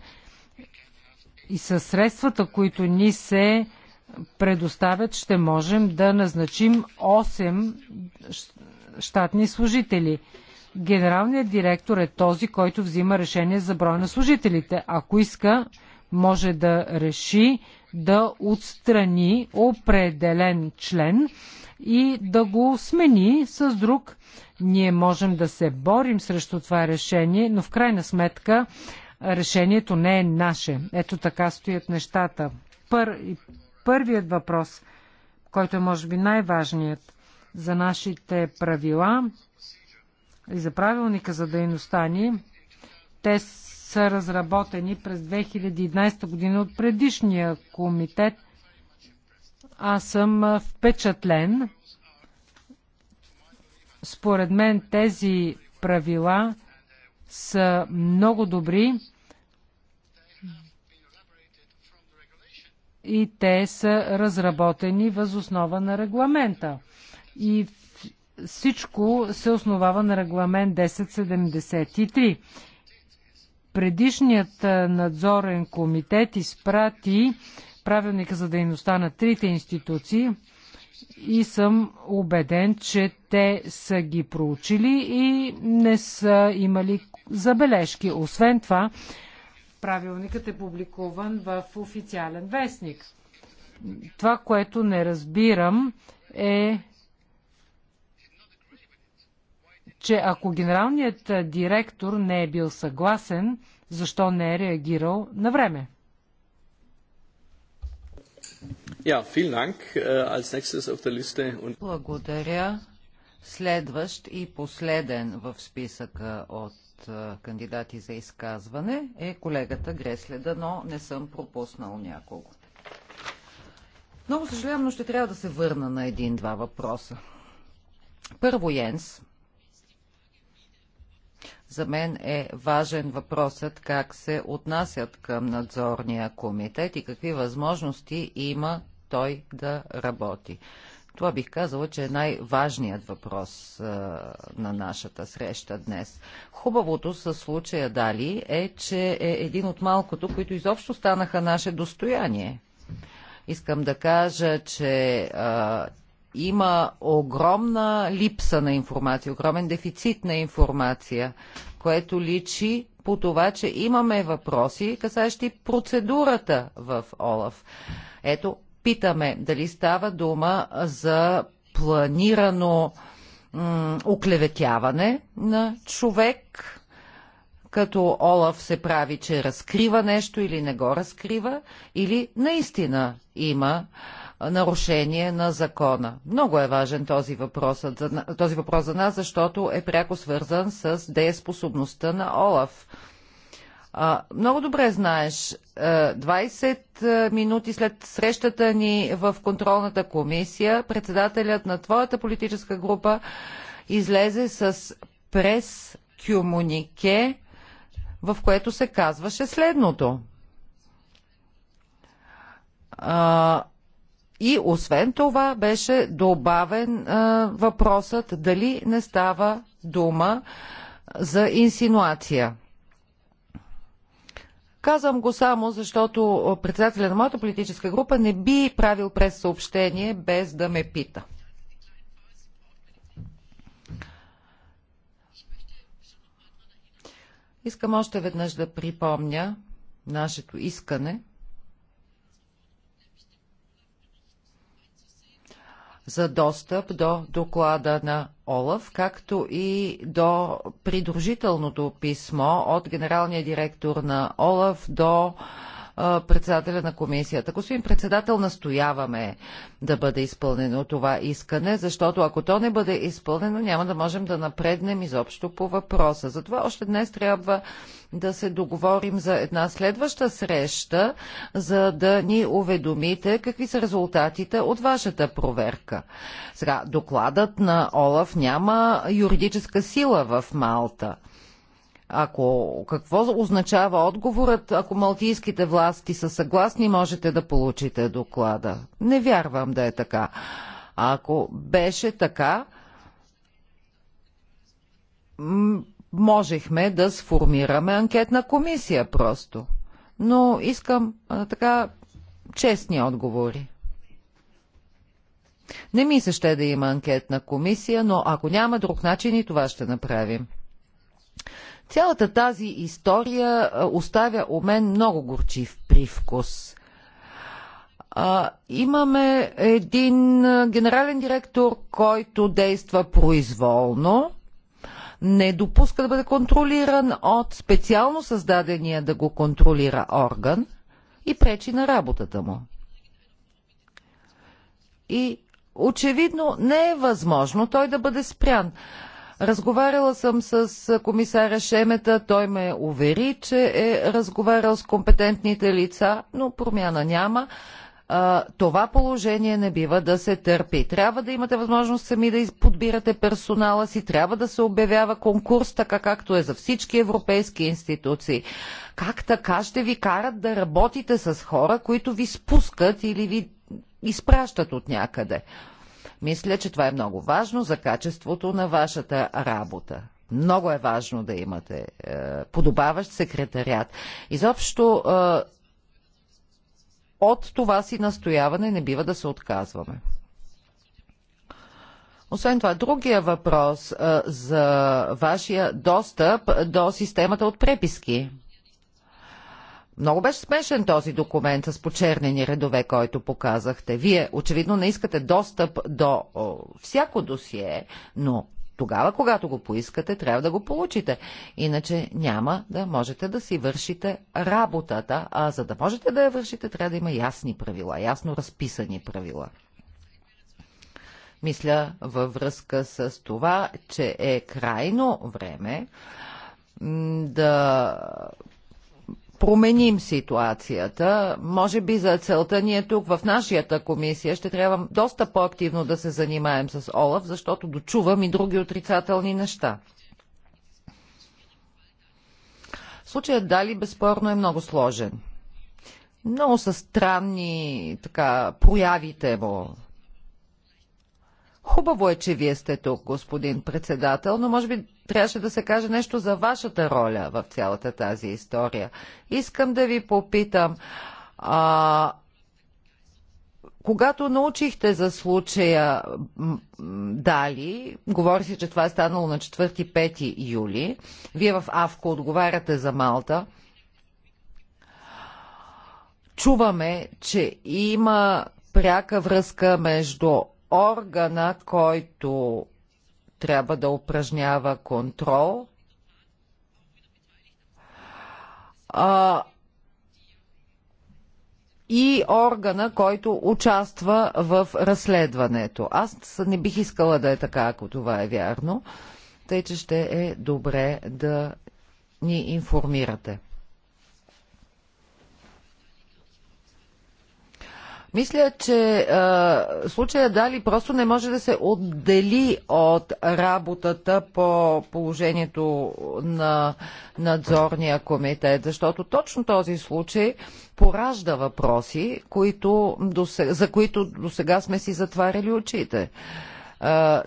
И със средствата, които ни се предоставят, ще можем да назначим 8 щатни служители. Генералният директор е този, който взима решение за броя на служителите. Ако иска, може да реши да отстрани определен член и да го смени с друг. Ние можем да се борим срещу това решение, но в крайна сметка решението не е наше. Ето така стоят нещата. Пър... Първият въпрос, който е може би най-важният за нашите правила и за правилника за дейността ни, те са разработени през 2011 година от предишния комитет. Аз съм впечатлен. Според мен тези правила са много добри и те са разработени възоснова на регламента. И всичко се основава на регламент 1073. Предишният надзорен комитет изпрати правилника за дейността на трите институции и съм убеден, че те са ги проучили и не са имали забележки. Освен това, правилникът е публикуван в официален вестник. Това, което не разбирам е че ако генералният директор не е бил съгласен, защо не е реагирал на време? Äh, Благодаря. Следващ и последен в списъка от кандидати за изказване е колегата Греследа, но не съм пропуснал някого. Много съжалявам, но ще трябва да се върна на един-два въпроса. Първо, Йенс, за мен е важен въпросът как се отнасят към надзорния комитет и какви възможности има той да работи. Това бих казала, че е най-важният въпрос а, на нашата среща днес. Хубавото със случая Дали е, че е един от малкото, които изобщо станаха наше достояние. Искам да кажа, че а, има огромна липса на информация, огромен дефицит на информация, което личи по това, че имаме въпроси, касащи процедурата в ОЛАФ. Ето, питаме дали става дума за планирано оклеветяване на човек, като Олаф се прави, че разкрива нещо или не го разкрива, или наистина има нарушение на закона. Много е важен този въпрос, този въпрос за нас, защото е пряко свързан с дееспособността на ОЛАФ. А, много добре знаеш, 20 е, е, минути след срещата ни в контролната комисия, председателят на твоята политическа група излезе с прес кюмунике, в което се казваше следното. А, и освен това беше добавен а, въпросът дали не става дума за инсинуация. Казвам го само, защото председателя на моята политическа група не би правил през съобщение без да ме пита. Искам още веднъж да припомня нашето искане – за достъп до доклада на Олаф, както и до придружителното писмо от генералния директор на Олаф до председателя на комисията. Господин председател, настояваме да бъде изпълнено това искане, защото ако то не бъде изпълнено, няма да можем да напреднем изобщо по въпроса. Затова още днес трябва да се договорим за една следваща среща, за да ни уведомите какви са резултатите от вашата проверка. Сега, докладът на Олаф няма юридическа сила в Малта. Ако, какво означава отговорът, ако малтийските власти са съгласни, можете да получите доклада. Не вярвам да е така. Ако беше така, можехме да сформираме анкетна комисия просто. Но искам а, така честни отговори. Не ми се ще да има анкетна комисия, но ако няма друг начин и това ще направим. Цялата тази история оставя у мен много горчив привкус. А, имаме един генерален директор, който действа произволно, не допуска да бъде контролиран от специално създадения да го контролира орган и пречи на работата му. И очевидно не е възможно той да бъде спрян. Разговаряла съм с комисаря Шемета, той ме увери, че е разговарял с компетентните лица, но промяна няма. Това положение не бива да се търпи. Трябва да имате възможност сами да подбирате персонала си, трябва да се обявява конкурс, така както е за всички европейски институции. Как така ще ви карат да работите с хора, които ви спускат или ви изпращат от някъде? Мисля, че това е много важно за качеството на вашата работа. Много е важно да имате е, подобаващ секретарят. Изобщо е, от това си настояване не бива да се отказваме. Освен това, другия въпрос е, за вашия достъп до системата от преписки. Много беше смешен този документ с почернени редове, който показахте. Вие очевидно не искате достъп до о, всяко досие, но тогава, когато го поискате, трябва да го получите. Иначе няма да можете да си вършите работата, а за да можете да я вършите, трябва да има ясни правила, ясно разписани правила. Мисля във връзка с това, че е крайно време да променим ситуацията. Може би за целта ние тук в нашата комисия ще трябва доста по-активно да се занимаем с Олаф, защото дочувам и други отрицателни неща. Случаят Дали безспорно е много сложен. Много са странни така, проявите му. Хубаво е, че вие сте тук, господин председател, но може би трябваше да се каже нещо за вашата роля в цялата тази история. Искам да ви попитам, а, когато научихте за случая Дали, говори се, че това е станало на 4-5 юли, вие в Авко отговаряте за Малта, чуваме, че има пряка връзка между органа, който трябва да упражнява контрол, а, и органа, който участва в разследването. Аз не бих искала да е така, ако това е вярно, тъй че ще е добре да ни информирате. Мисля, че а, случая Дали просто не може да се отдели от работата по положението на надзорния комитет, защото точно този случай поражда въпроси, които досега, за които до сега сме си затваряли очите.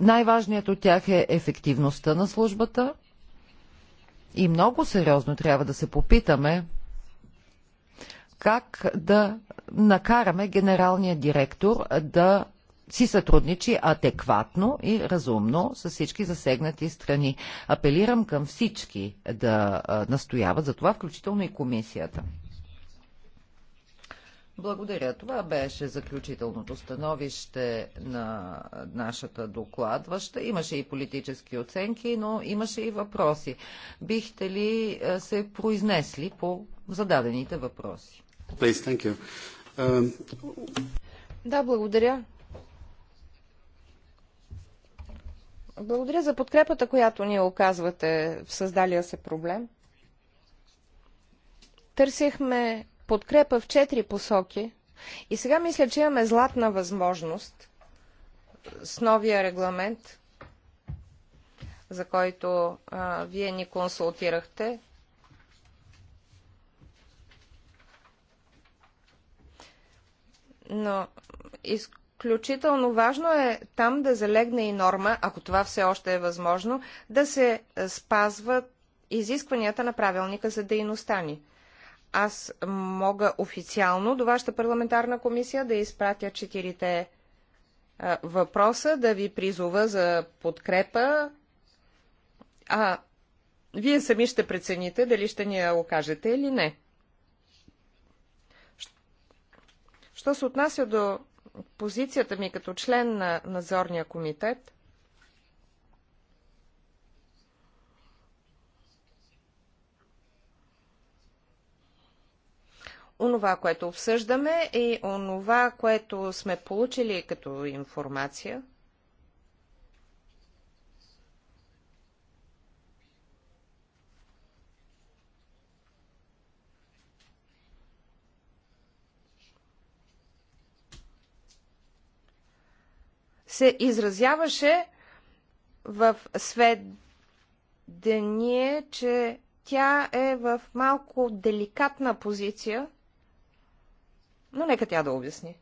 най-важният от тях е ефективността на службата и много сериозно трябва да се попитаме как да накараме генералния директор да си сътрудничи адекватно и разумно с всички засегнати страни. Апелирам към всички да настояват за това, включително и комисията. Благодаря. Това беше заключителното становище на нашата докладваща. Имаше и политически оценки, но имаше и въпроси. Бихте ли се произнесли по зададените въпроси? Please, thank you. Um, да, благодаря. Благодаря за подкрепата, която ни оказвате в създалия се проблем. Търсихме подкрепа в четири посоки и сега мисля, че имаме златна възможност с новия регламент, за който а, вие ни консултирахте, но изключително важно е там да залегне и норма, ако това все още е възможно, да се е, спазват изискванията на правилника за дейността ни. Аз мога официално до вашата парламентарна комисия да изпратя четирите е, въпроса, да ви призова за подкрепа, а вие сами ще прецените дали ще ни я окажете или не. Що се отнася до позицията ми като член на надзорния комитет, онова, което обсъждаме и онова, което сме получили като информация – се изразяваше в сведение, че тя е в малко деликатна позиция, но нека тя да обясни.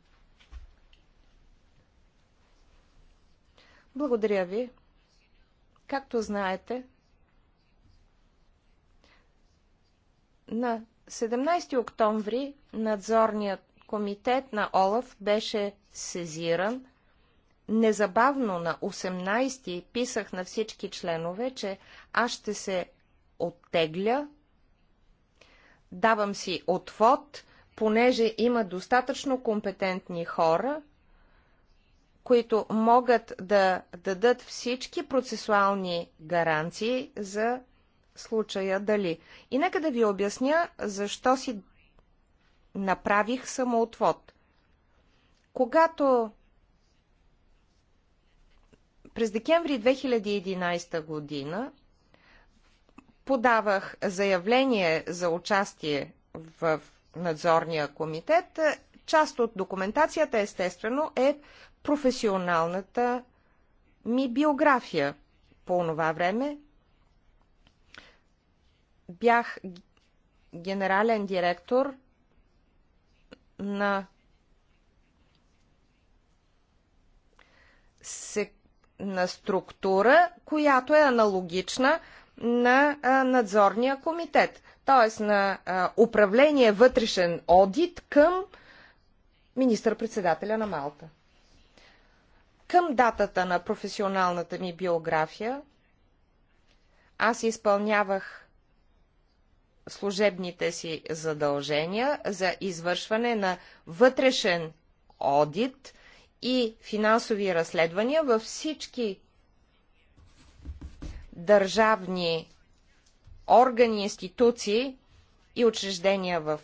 Благодаря ви. Както знаете, на 17 октомври надзорният комитет на ОЛАФ беше сезиран – незабавно на 18 писах на всички членове, че аз ще се оттегля, давам си отвод, понеже има достатъчно компетентни хора, които могат да дадат всички процесуални гаранции за случая дали. И нека да ви обясня защо си направих самоотвод. Когато през декември 2011 година подавах заявление за участие в надзорния комитет. Част от документацията, естествено, е професионалната ми биография. По това време бях генерален директор на на структура, която е аналогична на надзорния комитет, т.е. на управление вътрешен одит към министър-председателя на Малта. Към датата на професионалната ми биография аз изпълнявах служебните си задължения за извършване на вътрешен одит – и финансови разследвания във всички държавни органи, институции и учреждения в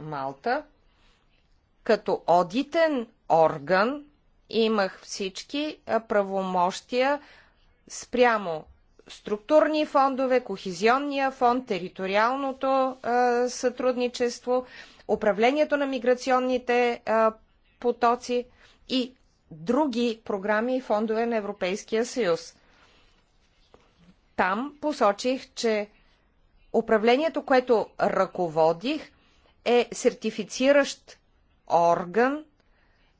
Малта. Като одитен орган имах всички правомощия спрямо структурни фондове, кохезионния фонд, териториалното сътрудничество, управлението на миграционните потоци и други програми и фондове на Европейския съюз. Там посочих, че управлението, което ръководих, е сертифициращ орган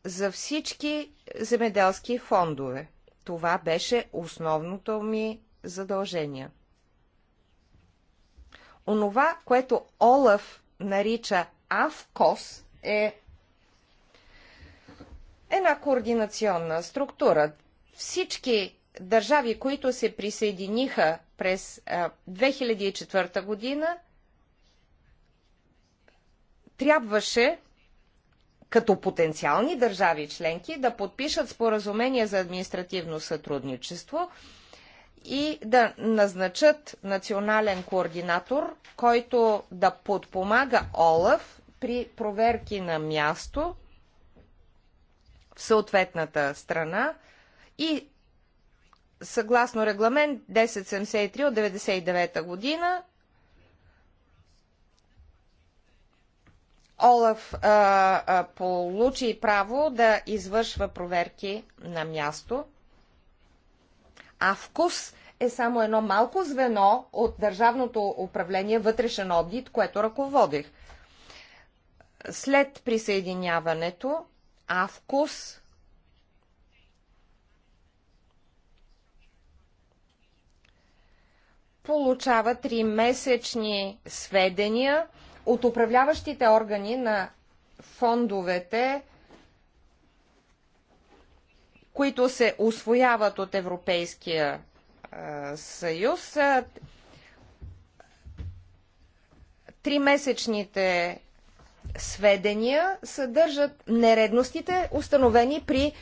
за всички земеделски фондове. Това беше основното ми задължение. Онова, което Олаф нарича АВКОС, е една координационна структура. Всички държави, които се присъединиха през 2004 година, трябваше като потенциални държави членки да подпишат споразумение за административно сътрудничество и да назначат национален координатор, който да подпомага ОЛАФ при проверки на място в съответната страна и съгласно регламент 1073 от 1999 година Олаф а, а, получи право да извършва проверки на място, а вкус е само едно малко звено от Държавното управление вътрешен одит, което ръководих. След присъединяването Авкус получава три месечни сведения от управляващите органи на фондовете, които се освояват от Европейския съюз. Тримесечните сведения съдържат нередностите, установени при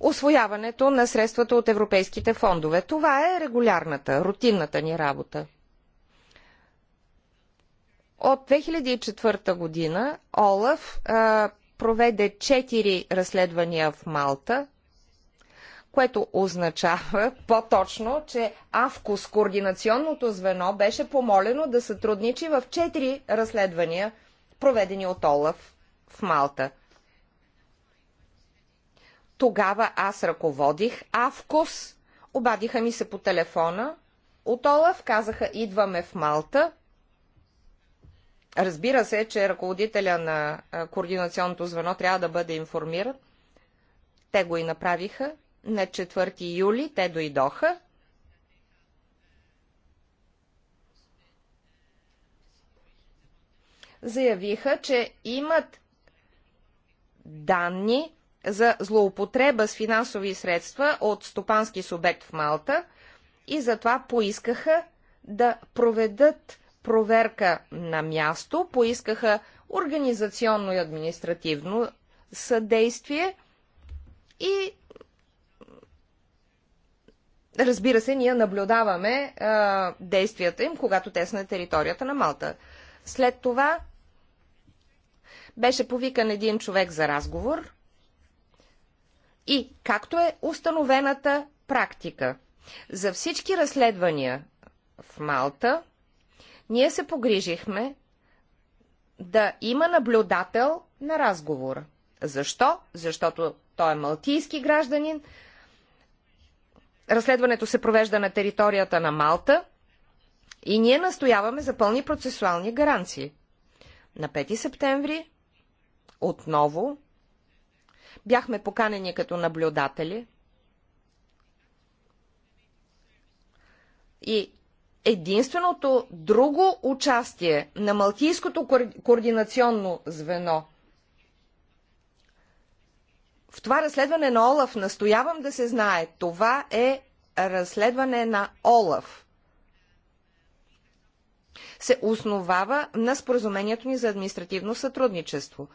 освояването на средствата от европейските фондове. Това е регулярната, рутинната ни работа. От 2004 година Олаф а, проведе 4 разследвания в Малта, което означава по-точно, че АВКОС, координационното звено, беше помолено да сътрудничи в четири разследвания, проведени от Олаф в Малта. Тогава аз ръководих АВКОС, обадиха ми се по телефона, от Олаф казаха идваме в Малта. Разбира се, че ръководителя на координационното звено трябва да бъде информиран. Те го и направиха на 4 юли те дойдоха. Заявиха, че имат данни за злоупотреба с финансови средства от стопански субект в Малта и затова поискаха да проведат проверка на място, поискаха организационно и административно съдействие и Разбира се, ние наблюдаваме а, действията им, когато те са на територията на Малта. След това беше повикан един човек за разговор и както е установената практика. За всички разследвания в Малта ние се погрижихме да има наблюдател на разговора. Защо? Защото той е малтийски гражданин, Разследването се провежда на територията на Малта и ние настояваме за пълни процесуални гаранции. На 5 септември отново бяхме поканени като наблюдатели и единственото друго участие на Малтийското координационно звено в това разследване на Олаф настоявам да се знае. Това е разследване на Олаф. Се основава на споразумението ни за административно сътрудничество.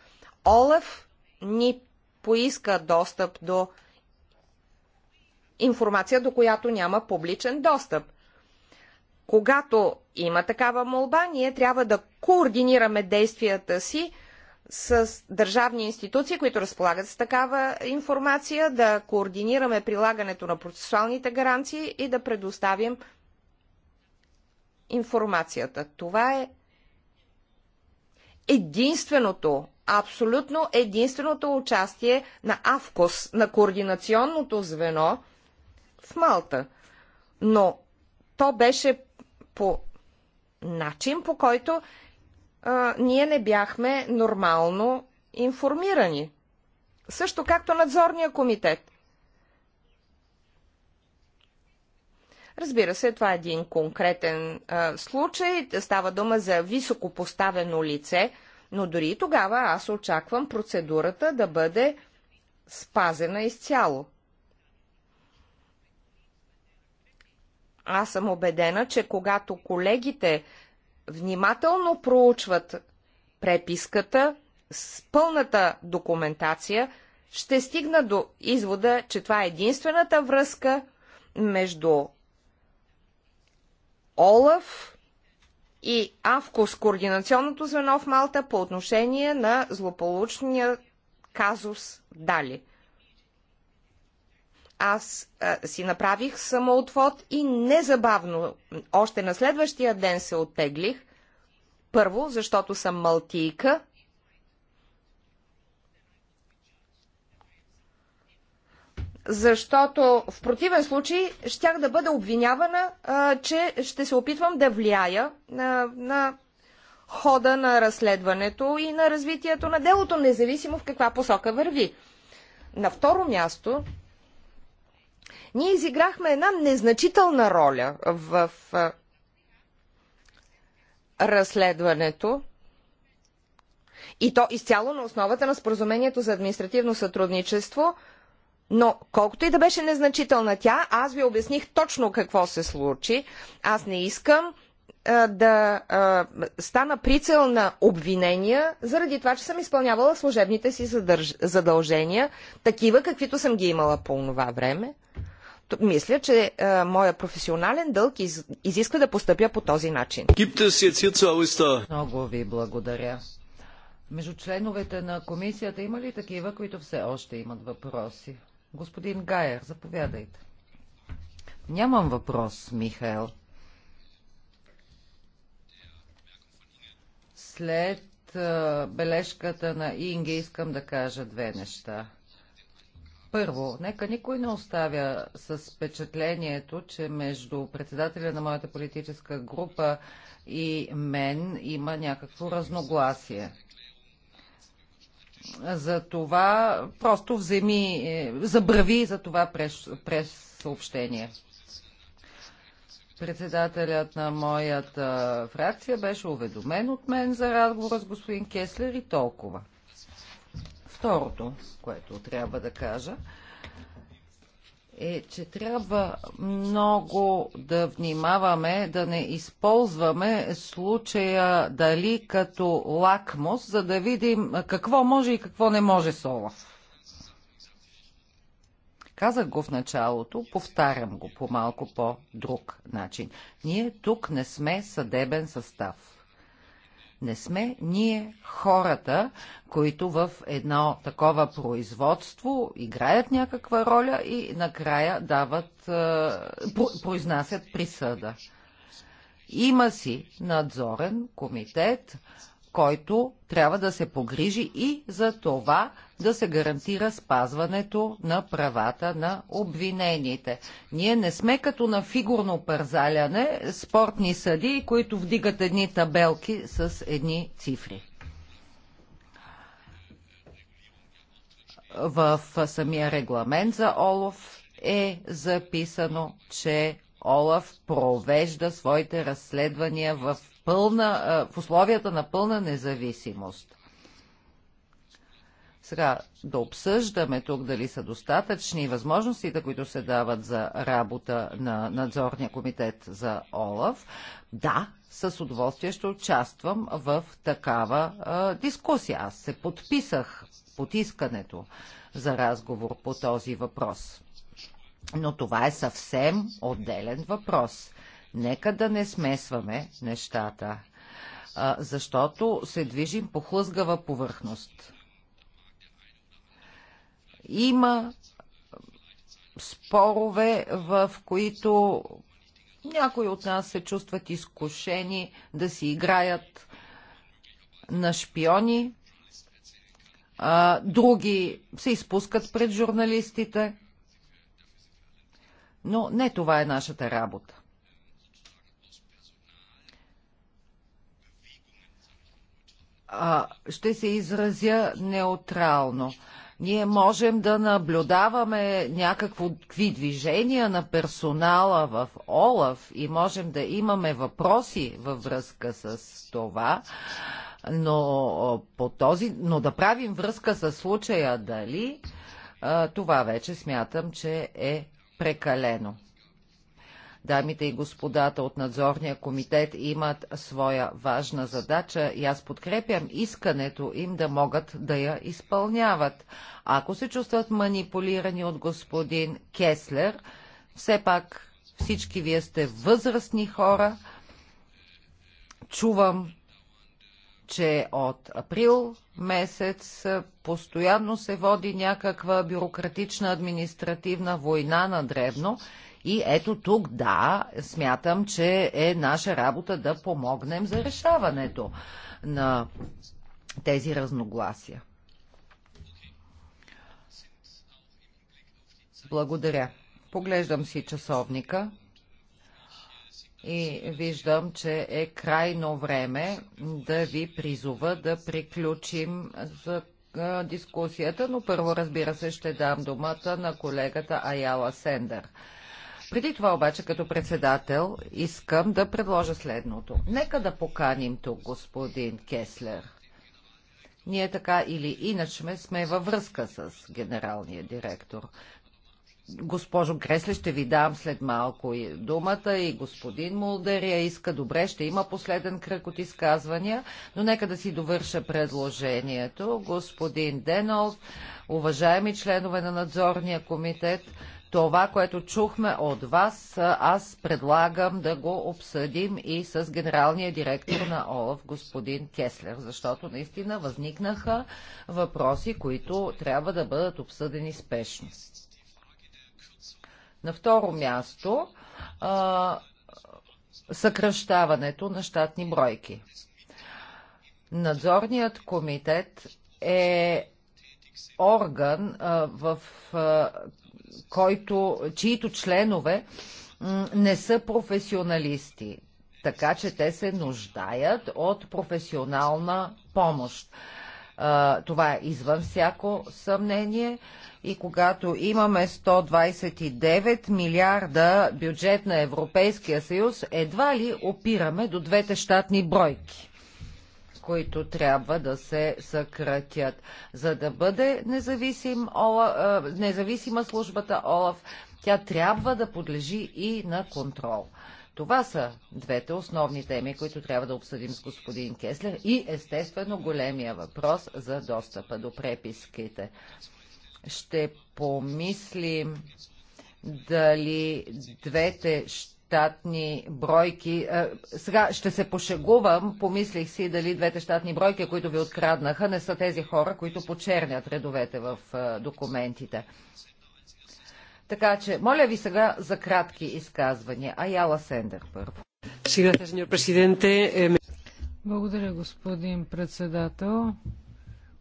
Олаф ни поиска достъп до информация, до която няма публичен достъп. Когато има такава молба, ние трябва да координираме действията си с държавни институции, които разполагат с такава информация, да координираме прилагането на процесуалните гаранции и да предоставим информацията. Това е единственото, абсолютно единственото участие на АВКОС, на координационното звено в Малта. Но то беше по начин, по който а, ние не бяхме нормално информирани. Също както надзорния комитет. Разбира се, това е един конкретен а, случай. Става дума за високопоставено лице, но дори и тогава аз очаквам процедурата да бъде спазена изцяло. Аз съм убедена, че когато колегите внимателно проучват преписката с пълната документация, ще стигна до извода, че това е единствената връзка между Олаф и Авкос, координационното звено в Малта по отношение на злополучния казус Дали. Аз а, си направих самоотвод и незабавно, още на следващия ден се оттеглих. Първо, защото съм малтийка. Защото в противен случай щях да бъда обвинявана, а, че ще се опитвам да влияя на, на хода на разследването и на развитието на делото, независимо в каква посока върви. На второ място, ние изиграхме една незначителна роля в разследването и то изцяло на основата на споразумението за административно сътрудничество, но колкото и да беше незначителна тя, аз ви обясних точно какво се случи. Аз не искам да а, стана прицел на обвинения заради това, че съм изпълнявала служебните си задължения, такива каквито съм ги имала по това време мисля, че а, е, моя професионален дълг из, изисква да постъпя по този начин. Много ви благодаря. Между членовете на комисията има ли такива, които все още имат въпроси? Господин Гайер, заповядайте. Нямам въпрос, Михаил. След е, бележката на Инги искам да кажа две неща. Първо, нека никой не оставя с впечатлението, че между председателя на моята политическа група и мен има някакво разногласие. За това просто вземи, е, забрави за това през, през съобщение. Председателят на моята фракция беше уведомен от мен за разговора с господин Кеслер и толкова. Второто, което трябва да кажа, е, че трябва много да внимаваме, да не използваме случая дали като лакмус, за да видим какво може и какво не може с Олаф. Казах го в началото, повтарям го по малко по-друг начин. Ние тук не сме съдебен състав. Не сме ние хората, които в едно такова производство играят някаква роля и накрая дават, е, произнасят присъда. Има си надзорен комитет, който трябва да се погрижи и за това да се гарантира спазването на правата на обвинените. Ние не сме като на фигурно парзаляне спортни съди, които вдигат едни табелки с едни цифри. В самия регламент за Олов е записано, че Олаф провежда своите разследвания в, пълна, в условията на пълна независимост. Сега да обсъждаме тук дали са достатъчни възможностите, които се дават за работа на надзорния комитет за ОЛАВ. Да, с удоволствие ще участвам в такава а, дискусия. Аз се подписах под искането за разговор по този въпрос. Но това е съвсем отделен въпрос. Нека да не смесваме нещата, а, защото се движим по хлъзгава повърхност. Има спорове, в които някои от нас се чувстват изкушени да си играят на шпиони, а, други се изпускат пред журналистите. Но не това е нашата работа. А, ще се изразя неутрално. Ние можем да наблюдаваме някакви движения на персонала в ОЛАФ и можем да имаме въпроси във връзка с това, но, по този, но да правим връзка с случая дали, това вече смятам, че е прекалено дамите и господата от надзорния комитет имат своя важна задача и аз подкрепям искането им да могат да я изпълняват. Ако се чувстват манипулирани от господин Кеслер, все пак всички вие сте възрастни хора. Чувам, че от април месец постоянно се води някаква бюрократична административна война на древно. И ето тук, да, смятам, че е наша работа да помогнем за решаването на тези разногласия. Благодаря. Поглеждам си часовника и виждам, че е крайно време да ви призова да приключим за дискусията, но първо, разбира се, ще дам думата на колегата Аяла Сендър. Преди това обаче, като председател, искам да предложа следното. Нека да поканим тук господин Кеслер. Ние така или иначе сме във връзка с генералния директор. Госпожо Гресле, ще ви дам след малко и думата и господин Мулдер иска. Добре, ще има последен кръг от изказвания, но нека да си довърша предложението. Господин Денов, уважаеми членове на надзорния комитет, това, което чухме от вас, аз предлагам да го обсъдим и с генералния директор на ОЛАФ, господин Кеслер, защото наистина възникнаха въпроси, които трябва да бъдат обсъдени спешно. На второ място, а, съкръщаването на щатни бройки. Надзорният комитет е орган, а, в а, който, чието членове не са професионалисти. Така че те се нуждаят от професионална помощ. Това е извън всяко съмнение. И когато имаме 129 милиарда бюджет на Европейския съюз, едва ли опираме до двете щатни бройки които трябва да се съкратят. За да бъде независим Ола, независима службата ОЛАФ, тя трябва да подлежи и на контрол. Това са двете основни теми, които трябва да обсъдим с господин Кеслер и естествено големия въпрос за достъпа до преписките. Ще помислим дали двете ще щатни бройки. Е, сега ще се пошегувам, помислих си дали двете щатни бройки, които ви откраднаха, не са тези хора, които почернят редовете в е, документите. Така че, моля ви сега за кратки изказвания. Аяла Сендер първо. Е, Благодаря, господин председател.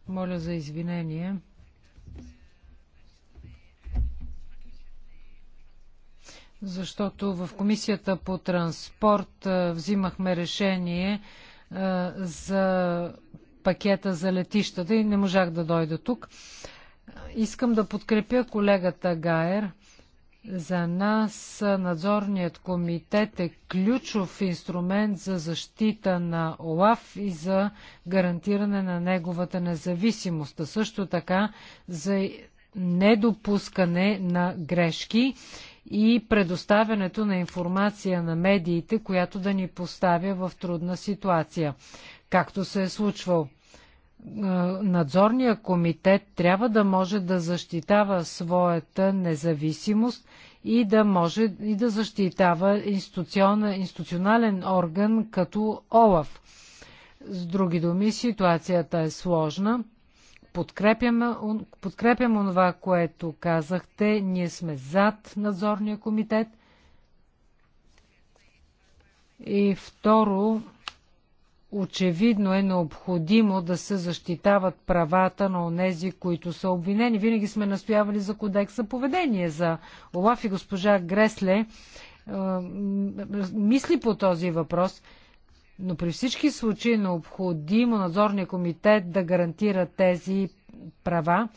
Моля за извинение. защото в Комисията по транспорт взимахме решение за пакета за летищата и не можах да дойда тук. Искам да подкрепя колегата Гайер. За нас надзорният комитет е ключов инструмент за защита на ОЛАФ и за гарантиране на неговата независимост, също така за недопускане на грешки и предоставянето на информация на медиите, която да ни поставя в трудна ситуация, както се е случвало. Надзорния комитет трябва да може да защитава своята независимост и да може и да защитава институционален орган като ОЛАФ. С други думи, ситуацията е сложна подкрепям, подкрепяме онова, което казахте. Ние сме зад надзорния комитет. И второ, очевидно е необходимо да се защитават правата на онези, които са обвинени. Винаги сме настоявали за кодекса поведение за Олаф и госпожа Гресле. Е, мисли по този въпрос. Но при всички случаи е необходимо надзорния комитет да гарантира тези права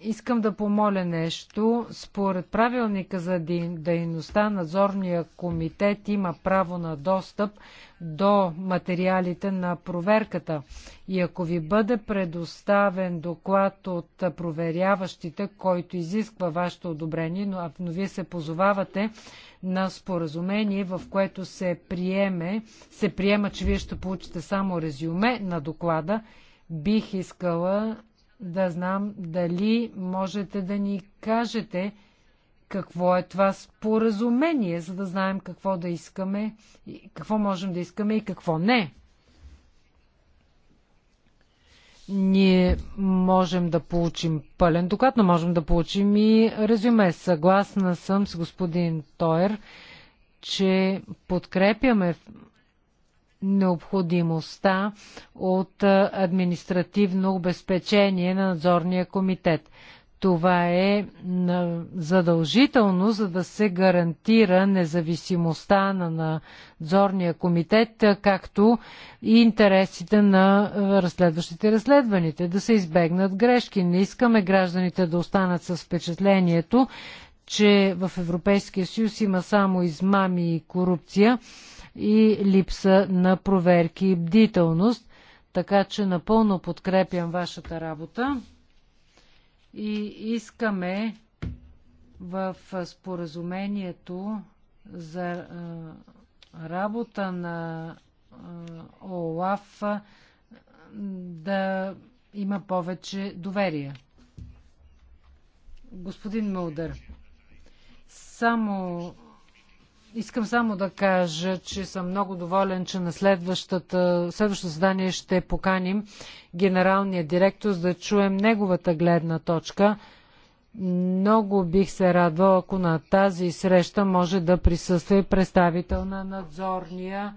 Искам да помоля нещо. Според правилника за дейността, надзорния комитет има право на достъп до материалите на проверката. И ако ви бъде предоставен доклад от проверяващите, който изисква вашето одобрение, но, ако вие се позовавате на споразумение, в което се, приеме, се приема, че вие ще получите само резюме на доклада, бих искала да знам дали можете да ни кажете какво е това споразумение, за да знаем какво да искаме, какво можем да искаме и какво не. Ние можем да получим пълен доклад, но можем да получим и резюме. Съгласна съм с господин Тойер, че подкрепяме необходимостта от административно обезпечение на надзорния комитет. Това е задължително, за да се гарантира независимостта на надзорния комитет, както и интересите на разследващите разследваните, да се избегнат грешки. Не искаме гражданите да останат с впечатлението, че в Европейския съюз има само измами и корупция и липса на проверки и бдителност. Така че напълно подкрепям вашата работа и искаме в споразумението за работа на ОЛАФ да има повече доверие. Господин Мълдър, само Искам само да кажа, че съм много доволен, че на следващото задание ще поканим генералния директор, за да чуем неговата гледна точка. Много бих се радвал, ако на тази среща може да присъства и представител на надзорния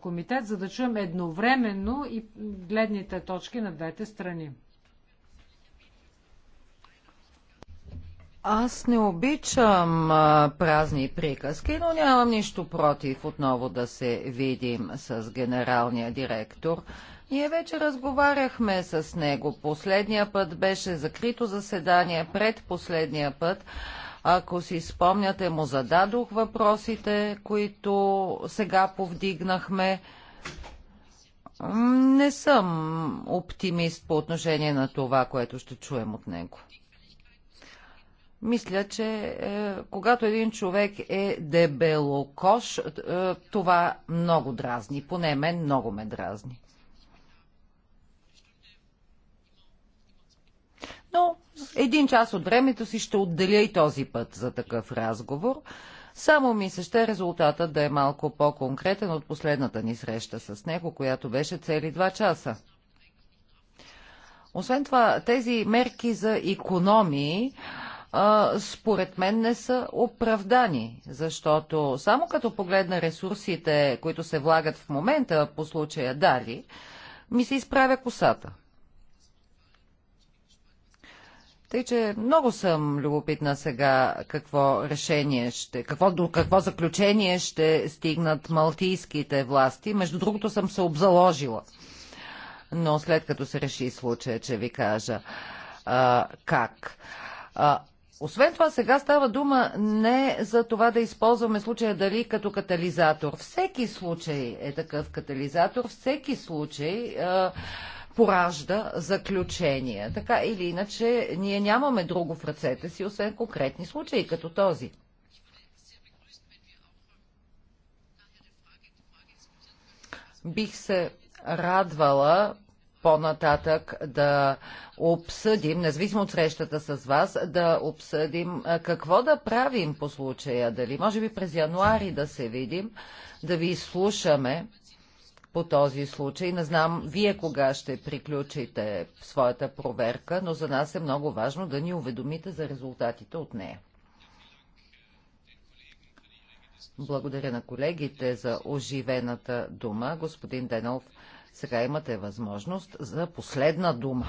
комитет, за да чуем едновременно и гледните точки на двете страни. Аз не обичам а, празни приказки, но нямам нищо против отново да се видим с генералния директор. Ние вече разговаряхме с него. Последния път беше закрито заседание, предпоследния път. Ако си спомняте, му зададох въпросите, които сега повдигнахме. Не съм оптимист по отношение на това, което ще чуем от него. Мисля, че е, когато един човек е дебелокош, е, това много дразни. Поне мен много ме дразни. Но един час от времето си ще отделя и този път за такъв разговор. Само ми се ще резултатът да е малко по-конкретен от последната ни среща с него, която беше цели два часа. Освен това, тези мерки за економии според мен не са оправдани, защото само като погледна ресурсите, които се влагат в момента по случая Дали, ми се изправя косата. Тъй, че много съм любопитна сега какво решение ще, какво, до какво заключение ще стигнат малтийските власти. Между другото съм се обзаложила. Но след като се реши случая, че ви кажа а, как. А, освен това, сега става дума не за това да използваме случая дали като катализатор. Всеки случай е такъв катализатор, всеки случай е, поражда заключения. Така или иначе, ние нямаме друго в ръцете си, освен конкретни случаи като този. Бих се радвала по-нататък да обсъдим, независимо от срещата с вас, да обсъдим какво да правим по случая. Дали може би през януари да се видим, да ви изслушаме по този случай. Не знам вие кога ще приключите своята проверка, но за нас е много важно да ни уведомите за резултатите от нея. Благодаря на колегите за оживената дума. Господин Денов сега имате възможност за последна дума.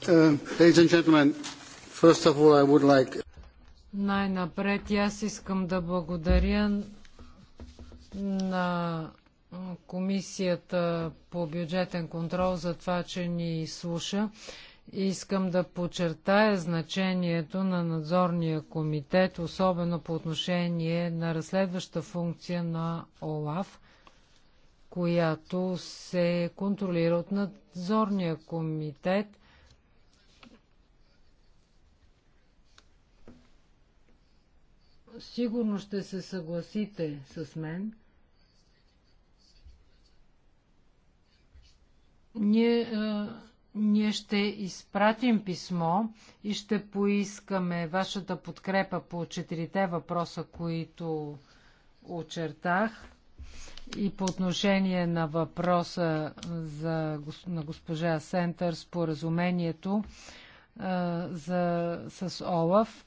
Uh, Най-напред аз искам да благодаря на Комисията по бюджетен контрол за това, че ни слуша. Искам да подчертая значението на надзорния комитет, особено по отношение на разследваща функция на ОЛАФ която се контролира от надзорния комитет. Сигурно ще се съгласите с мен. Ние, а, е, ние ще изпратим писмо и ще поискаме вашата подкрепа по четирите въпроса, които очертах и по отношение на въпроса за, на госпожа Сентър, споразумението за, с ОЛАФ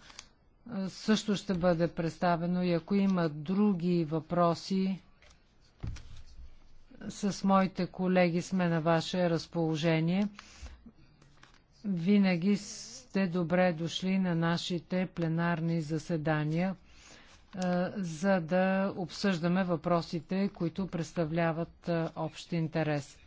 също ще бъде представено и ако има други въпроси, с моите колеги сме на ваше разположение. Винаги сте добре дошли на нашите пленарни заседания. Е, за да обсъждаме въпросите, които представляват е, общ интерес.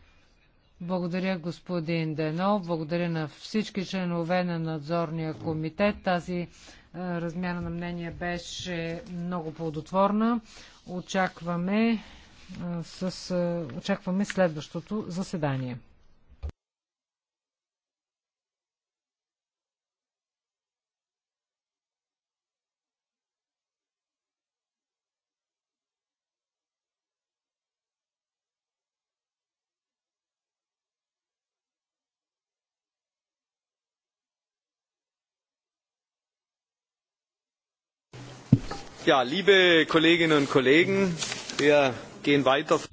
Благодаря господин Дено, благодаря на всички членове на надзорния комитет. Тази е, размяна на мнение беше много плодотворна. Очакваме, с, очакваме следващото заседание.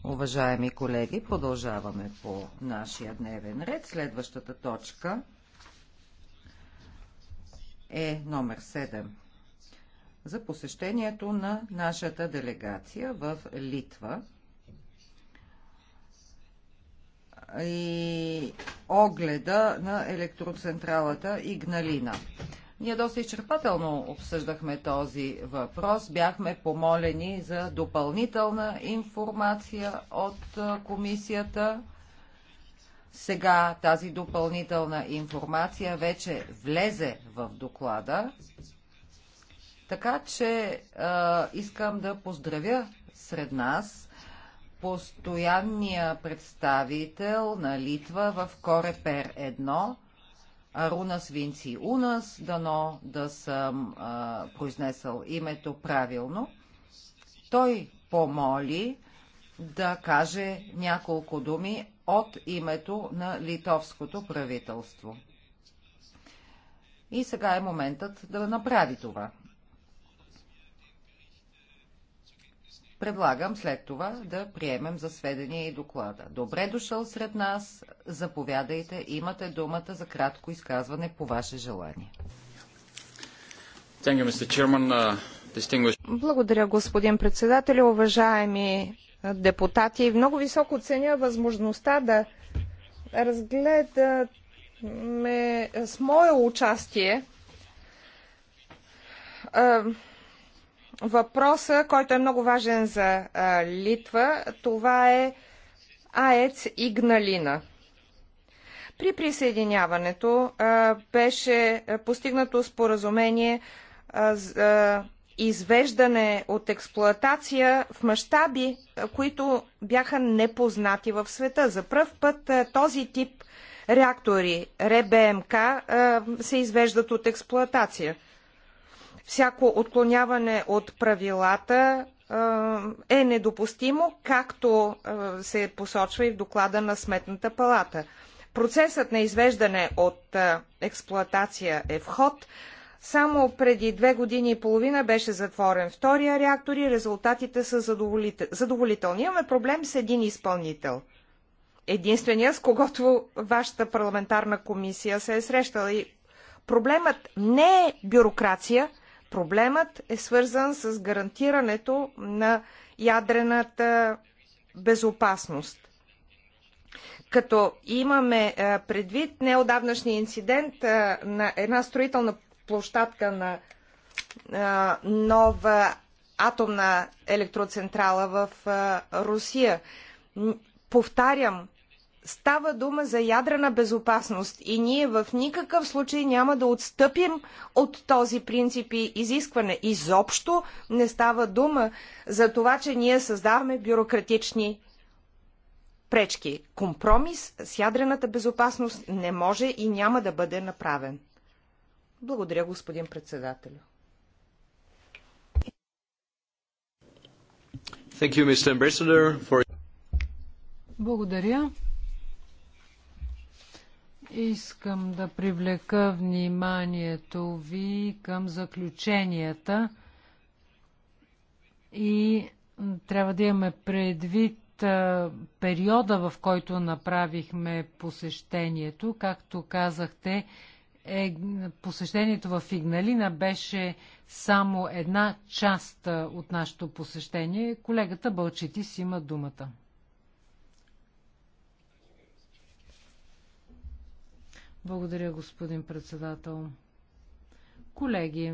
Уважаеми колеги, продължаваме по нашия дневен ред. Следващата точка е номер 7 за посещението на нашата делегация в Литва и огледа на електроцентралата Игналина. Ние доста изчерпателно обсъждахме този въпрос. Бяхме помолени за допълнителна информация от комисията. Сега тази допълнителна информация вече влезе в доклада. Така че е, искам да поздравя сред нас постоянния представител на Литва в Корепер 1 Рунас Винци Унас, дано да съм а, произнесъл името правилно. Той помоли да каже няколко думи от името на литовското правителство. И сега е моментът да направи това. Предлагам след това да приемем за сведение и доклада. Добре дошъл сред нас. Заповядайте. Имате думата за кратко изказване по ваше желание. Uh, Благодаря, господин председател. Уважаеми депутати, много високо ценя възможността да разгледаме с мое участие въпроса, който е много важен за а, Литва. Това е АЕЦ Игналина. При присъединяването а, беше постигнато споразумение а, за извеждане от експлоатация в мащаби, които бяха непознати в света. За пръв път а, този тип реактори РБМК се извеждат от експлоатация. Всяко отклоняване от правилата е, е недопустимо, както е, се посочва и в доклада на Сметната палата. Процесът на извеждане от е, експлоатация е в ход. Само преди две години и половина беше затворен втория реактор и резултатите са задоволителни. Имаме проблем с един изпълнител. Единствения, с когото вашата парламентарна комисия се е срещала. И проблемът не е бюрокрация, Проблемът е свързан с гарантирането на ядрената безопасност. Като имаме е, предвид неодавнашния инцидент е, на една строителна площадка на е, нова атомна електроцентрала в Русия. Повтарям, Става дума за ядрена безопасност и ние в никакъв случай няма да отстъпим от този принцип и изискване. Изобщо не става дума за това, че ние създаваме бюрократични пречки. Компромис с ядрената безопасност не може и няма да бъде направен. Благодаря, господин председател. Благодаря Искам да привлека вниманието ви към заключенията и трябва да имаме предвид периода, в който направихме посещението. Както казахте, е, посещението в Игналина беше само една част от нашето посещение. Колегата си има думата. Благодаря, господин председател. Колеги,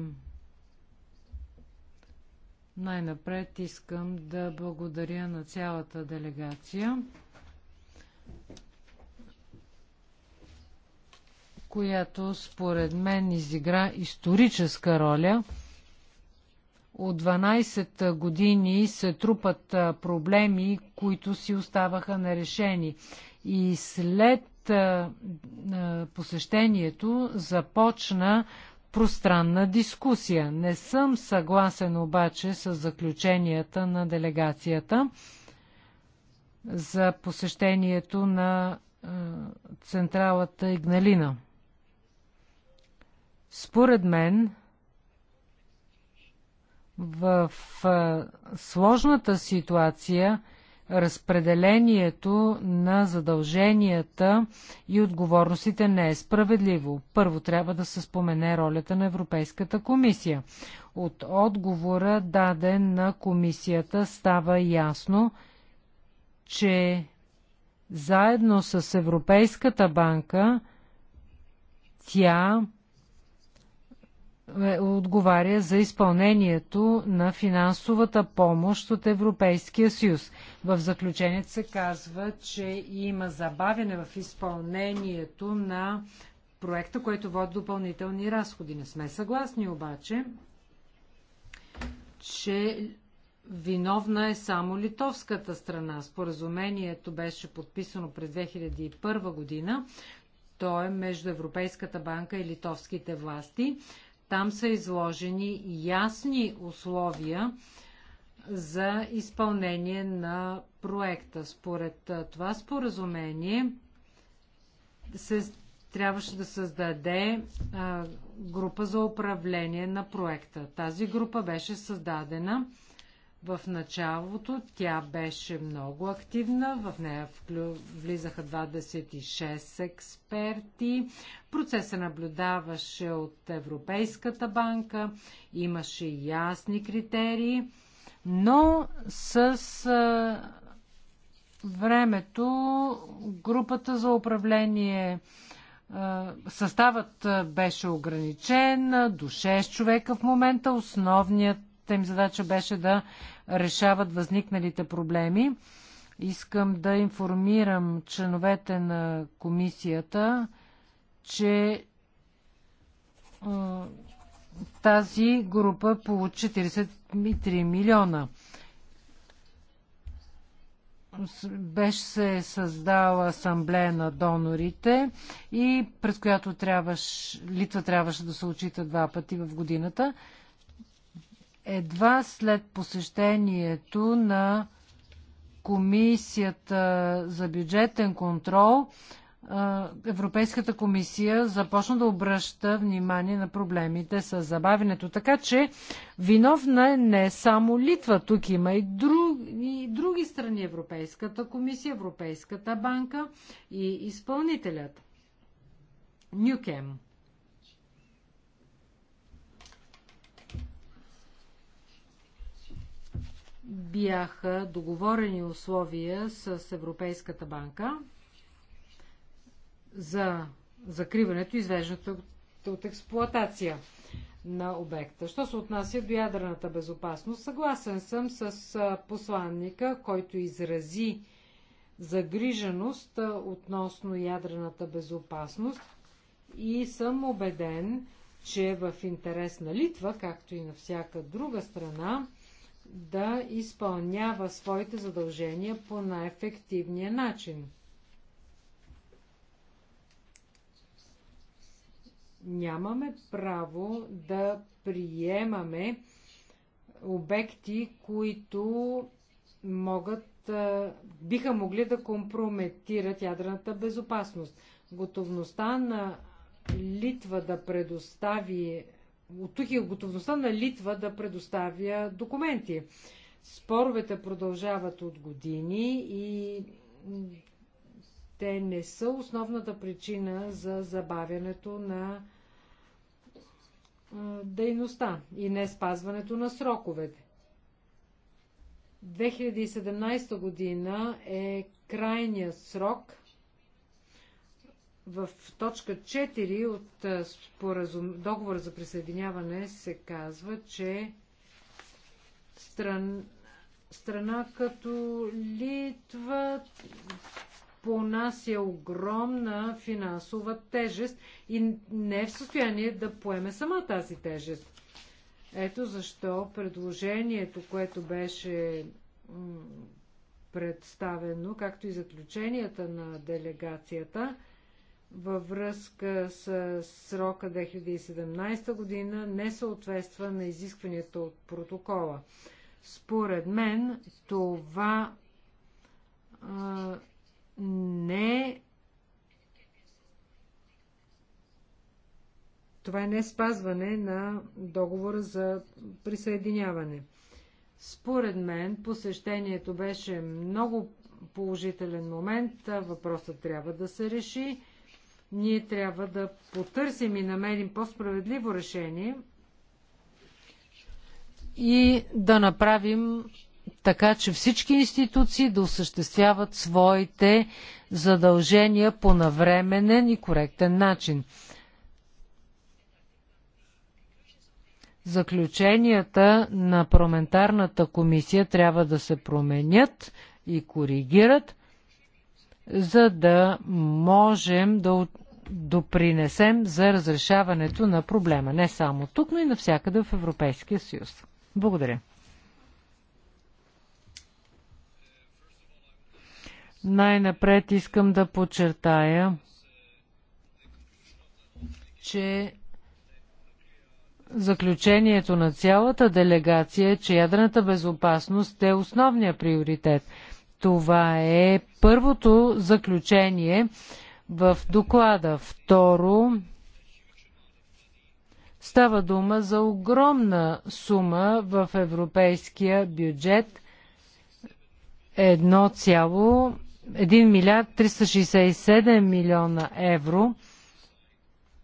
най-напред искам да благодаря на цялата делегация, която според мен изигра историческа роля. От 12 години се трупат проблеми, които си оставаха нерешени. И след е, е, посещението започна пространна дискусия. Не съм съгласен обаче с заключенията на делегацията за посещението на е, централата Игналина. Според мен, в сложната ситуация, разпределението на задълженията и отговорностите не е справедливо. Първо трябва да се спомене ролята на Европейската комисия. От отговора даден на комисията става ясно, че заедно с Европейската банка тя е, отговаря за изпълнението на финансовата помощ от Европейския съюз. В заключението се казва, че има забавяне в изпълнението на проекта, което води допълнителни разходи. Не сме съгласни обаче, че виновна е само литовската страна. Споразумението беше подписано през 2001 година. То е между Европейската банка и литовските власти. Там са изложени ясни условия за изпълнение на проекта. Според това споразумение се трябваше да създаде група за управление на проекта. Тази група беше създадена в началото тя беше много активна, в нея влизаха 26 експерти, Процес се наблюдаваше от Европейската банка, имаше ясни критерии, но с времето групата за управление съставът беше ограничен до 6 човека в момента. Основният Първата им задача беше да решават възникналите проблеми. Искам да информирам членовете на комисията, че тази група получи 43 милиона. Беше се създала асамблея на донорите и през която трябваше, Литва трябваше да се отчита два пъти в годината. Едва след посещението на Комисията за бюджетен контрол, Европейската комисия започна да обръща внимание на проблемите с забавянето. Така че виновна е не само Литва, тук има и, друг, и други страни, Европейската комисия, Европейската банка и изпълнителят. Нюкем. бяха договорени условия с Европейската банка за закриването и извеждането от експлоатация на обекта. Що се отнася до ядрената безопасност, съгласен съм с посланника, който изрази загриженост относно ядрената безопасност и съм убеден, че в интерес на Литва, както и на всяка друга страна, да изпълнява своите задължения по най-ефективния начин. Нямаме право да приемаме обекти, които могат, биха могли да компрометират ядрената безопасност. Готовността на Литва да предостави от тук и е готовността на Литва да предоставя документи. Споровете продължават от години и те не са основната причина за забавянето на дейността и не спазването на сроковете. 2017 година е крайният срок – в точка 4 от споразум... договора за присъединяване се казва, че стран... страна като Литва понася огромна финансова тежест и не е в състояние да поеме сама тази тежест. Ето защо предложението, което беше представено, както и заключенията на делегацията, във връзка с срока 2017 година не съответства на изискванията от протокола. Според мен това а, не това е не спазване на договора за присъединяване. Според мен посещението беше много положителен момент, въпросът трябва да се реши ние трябва да потърсим и намерим по-справедливо решение и да направим така, че всички институции да осъществяват своите задължения по навременен и коректен начин. Заключенията на парламентарната комисия трябва да се променят и коригират, за да можем да допринесем за разрешаването на проблема, не само тук, но и навсякъде в Европейския съюз. Благодаря. Най-напред искам да подчертая, че заключението на цялата делегация е, че ядрената безопасност е основния приоритет. Това е първото заключение, в доклада. Второ, става дума за огромна сума в европейския бюджет 1,1 милиард 367 милиона евро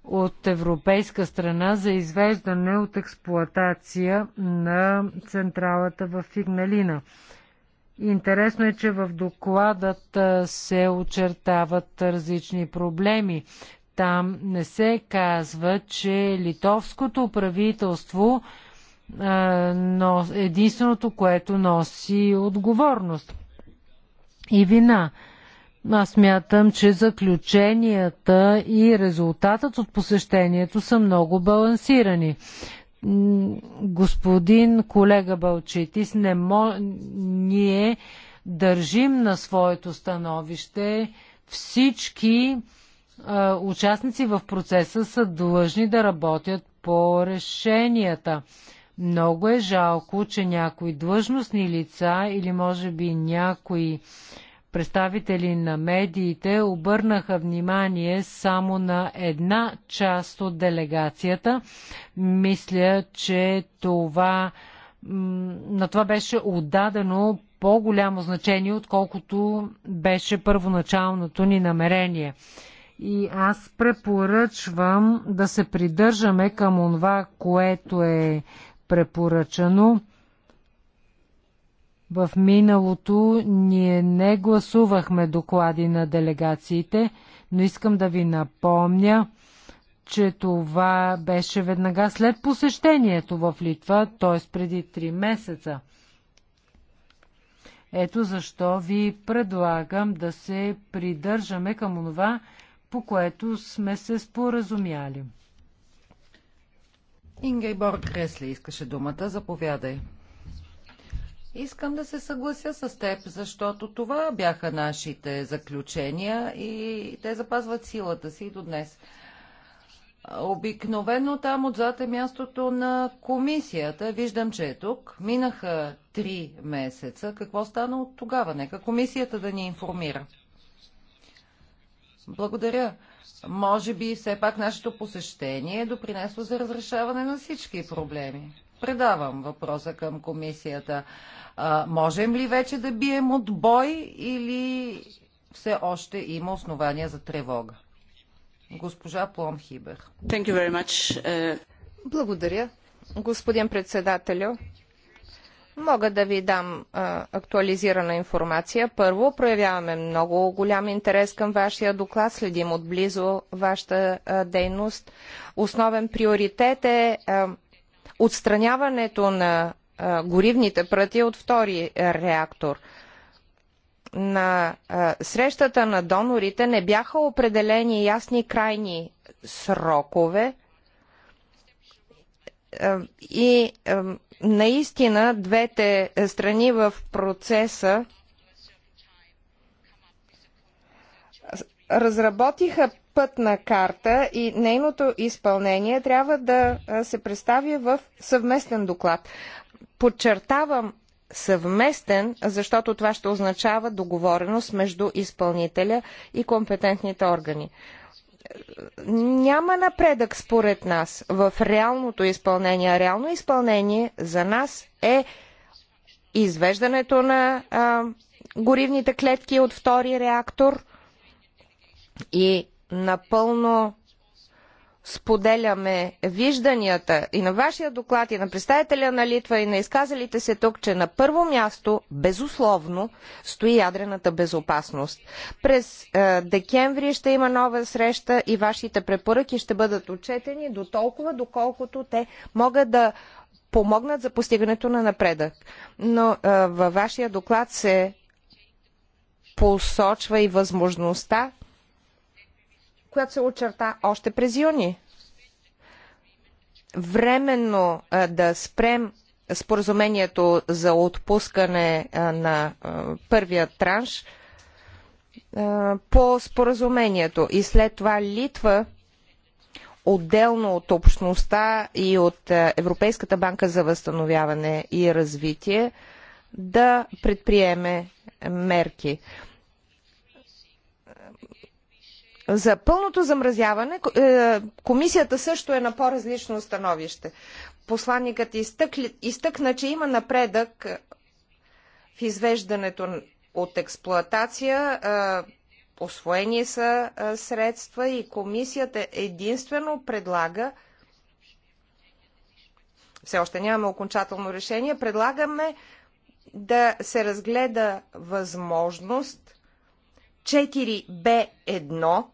от европейска страна за извеждане от експлоатация на централата в Игналина. Интересно е, че в докладът се очертават различни проблеми. Там не се казва, че литовското правителство но единственото, което носи отговорност и вина. Аз мятам, че заключенията и резултатът от посещението са много балансирани господин колега Балчитис, не мо... ние държим на своето становище. Всички а, участници в процеса са длъжни да работят по решенията. Много е жалко, че някои длъжностни лица или може би някои представители на медиите обърнаха внимание само на една част от делегацията. Мисля, че това, на това беше отдадено по-голямо значение, отколкото беше първоначалното ни намерение. И аз препоръчвам да се придържаме към това, което е препоръчано. В миналото ние не гласувахме доклади на делегациите, но искам да ви напомня, че това беше веднага след посещението в Литва, т.е. преди 3 месеца. Ето защо ви предлагам да се придържаме към това, по което сме се споразумяли. Ингейбор Кресли искаше думата. Заповядай. Искам да се съглася с теб, защото това бяха нашите заключения и те запазват силата си и до днес. Обикновено там отзад е мястото на комисията. Виждам, че е тук. Минаха три месеца. Какво стана от тогава? Нека комисията да ни информира. Благодаря. Може би все пак нашето посещение е допринесло за разрешаване на всички проблеми. Предавам въпроса към комисията. А, можем ли вече да бием отбой или все още има основания за тревога? Госпожа Плом Хибер. Uh... Е, Благодаря, господин председателю. Мога да ви дам а, актуализирана информация. Първо, проявяваме много голям интерес към вашия доклад, следим отблизо вашата а, дейност. Основен приоритет е а, отстраняването на горивните пръти от втори реактор. На срещата на донорите не бяха определени ясни крайни срокове и наистина двете страни в процеса разработиха пътна карта и нейното изпълнение трябва да се представи в съвместен доклад. Подчертавам съвместен, защото това ще означава договореност между изпълнителя и компетентните органи. Няма напредък според нас в реалното изпълнение. Реално изпълнение за нас е извеждането на а, горивните клетки от втори реактор и напълно споделяме вижданията и на вашия доклад, и на представителя на Литва, и на изказалите се тук, че на първо място, безусловно, стои ядрената безопасност. През е, декември ще има нова среща и вашите препоръки ще бъдат отчетени до толкова, доколкото те могат да помогнат за постигането на напредък. Но е, във вашия доклад се посочва и възможността която се очерта още през юни. Временно да спрем споразумението за отпускане на първия транш по споразумението и след това Литва отделно от общността и от Европейската банка за възстановяване и развитие да предприеме мерки. За пълното замразяване е, комисията също е на по-различно становище. Посланникът изтъкна, че има напредък в извеждането от експлоатация. Е, освоени са е, средства и комисията единствено предлага все още нямаме окончателно решение, предлагаме да се разгледа възможност 4B1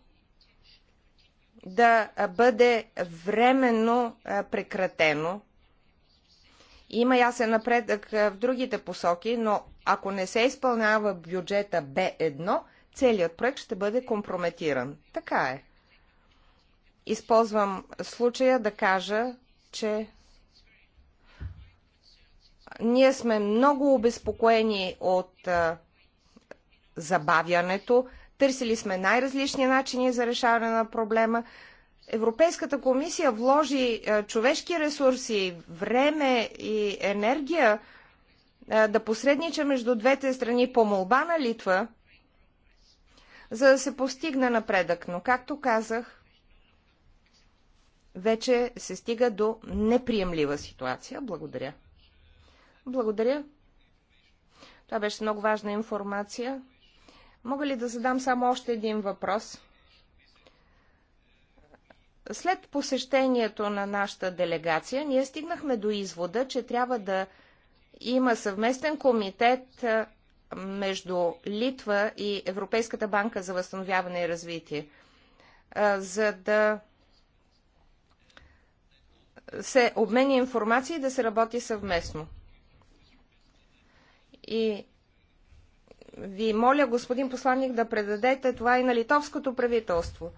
да бъде временно прекратено. Има ясен напредък в другите посоки, но ако не се изпълнява бюджета Б1, целият проект ще бъде компрометиран. Така е. Използвам случая да кажа, че ние сме много обезпокоени от забавянето, Търсили сме най-различни начини за решаване на проблема. Европейската комисия вложи е, човешки ресурси, време и енергия е, да посреднича между двете страни по молба на Литва, за да се постигне напредък. Но, както казах, вече се стига до неприемлива ситуация. Благодаря. Благодаря. Това беше много важна информация. Мога ли да задам само още един въпрос? След посещението на нашата делегация, ние стигнахме до извода, че трябва да има съвместен комитет между Литва и Европейската банка за възстановяване и развитие, за да се обменя информация и да се работи съвместно. И ви моля, господин посланник, да предадете това и на литовското правителство.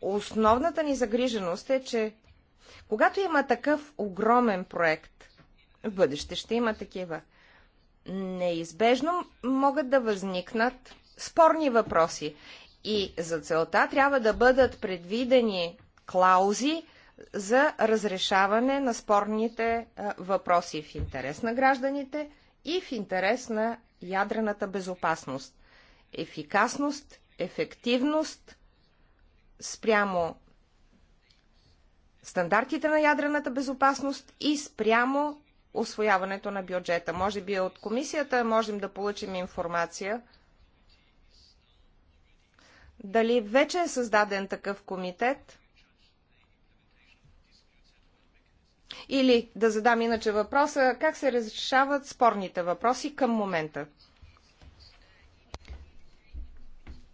Основната ни загриженост е, че когато има такъв огромен проект, в бъдеще ще има такива, неизбежно могат да възникнат спорни въпроси. И за целта трябва да бъдат предвидени клаузи за разрешаване на спорните въпроси в интерес на гражданите и в интерес на ядрената безопасност. Ефикасност, ефективност спрямо стандартите на ядрената безопасност и спрямо освояването на бюджета. Може би от комисията можем да получим информация дали вече е създаден такъв комитет – Или да задам иначе въпроса, как се разрешават спорните въпроси към момента?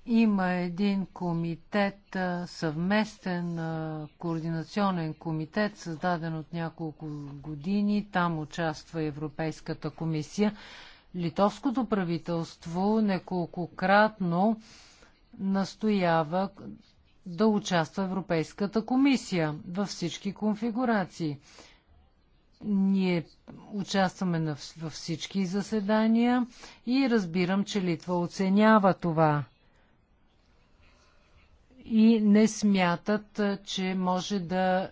Има един комитет, съвместен координационен комитет, създаден от няколко години. Там участва Европейската комисия. Литовското правителство неколкократно настоява да участва Европейската комисия във всички конфигурации. Ние участваме във всички заседания и разбирам, че Литва оценява това и не смятат, че може да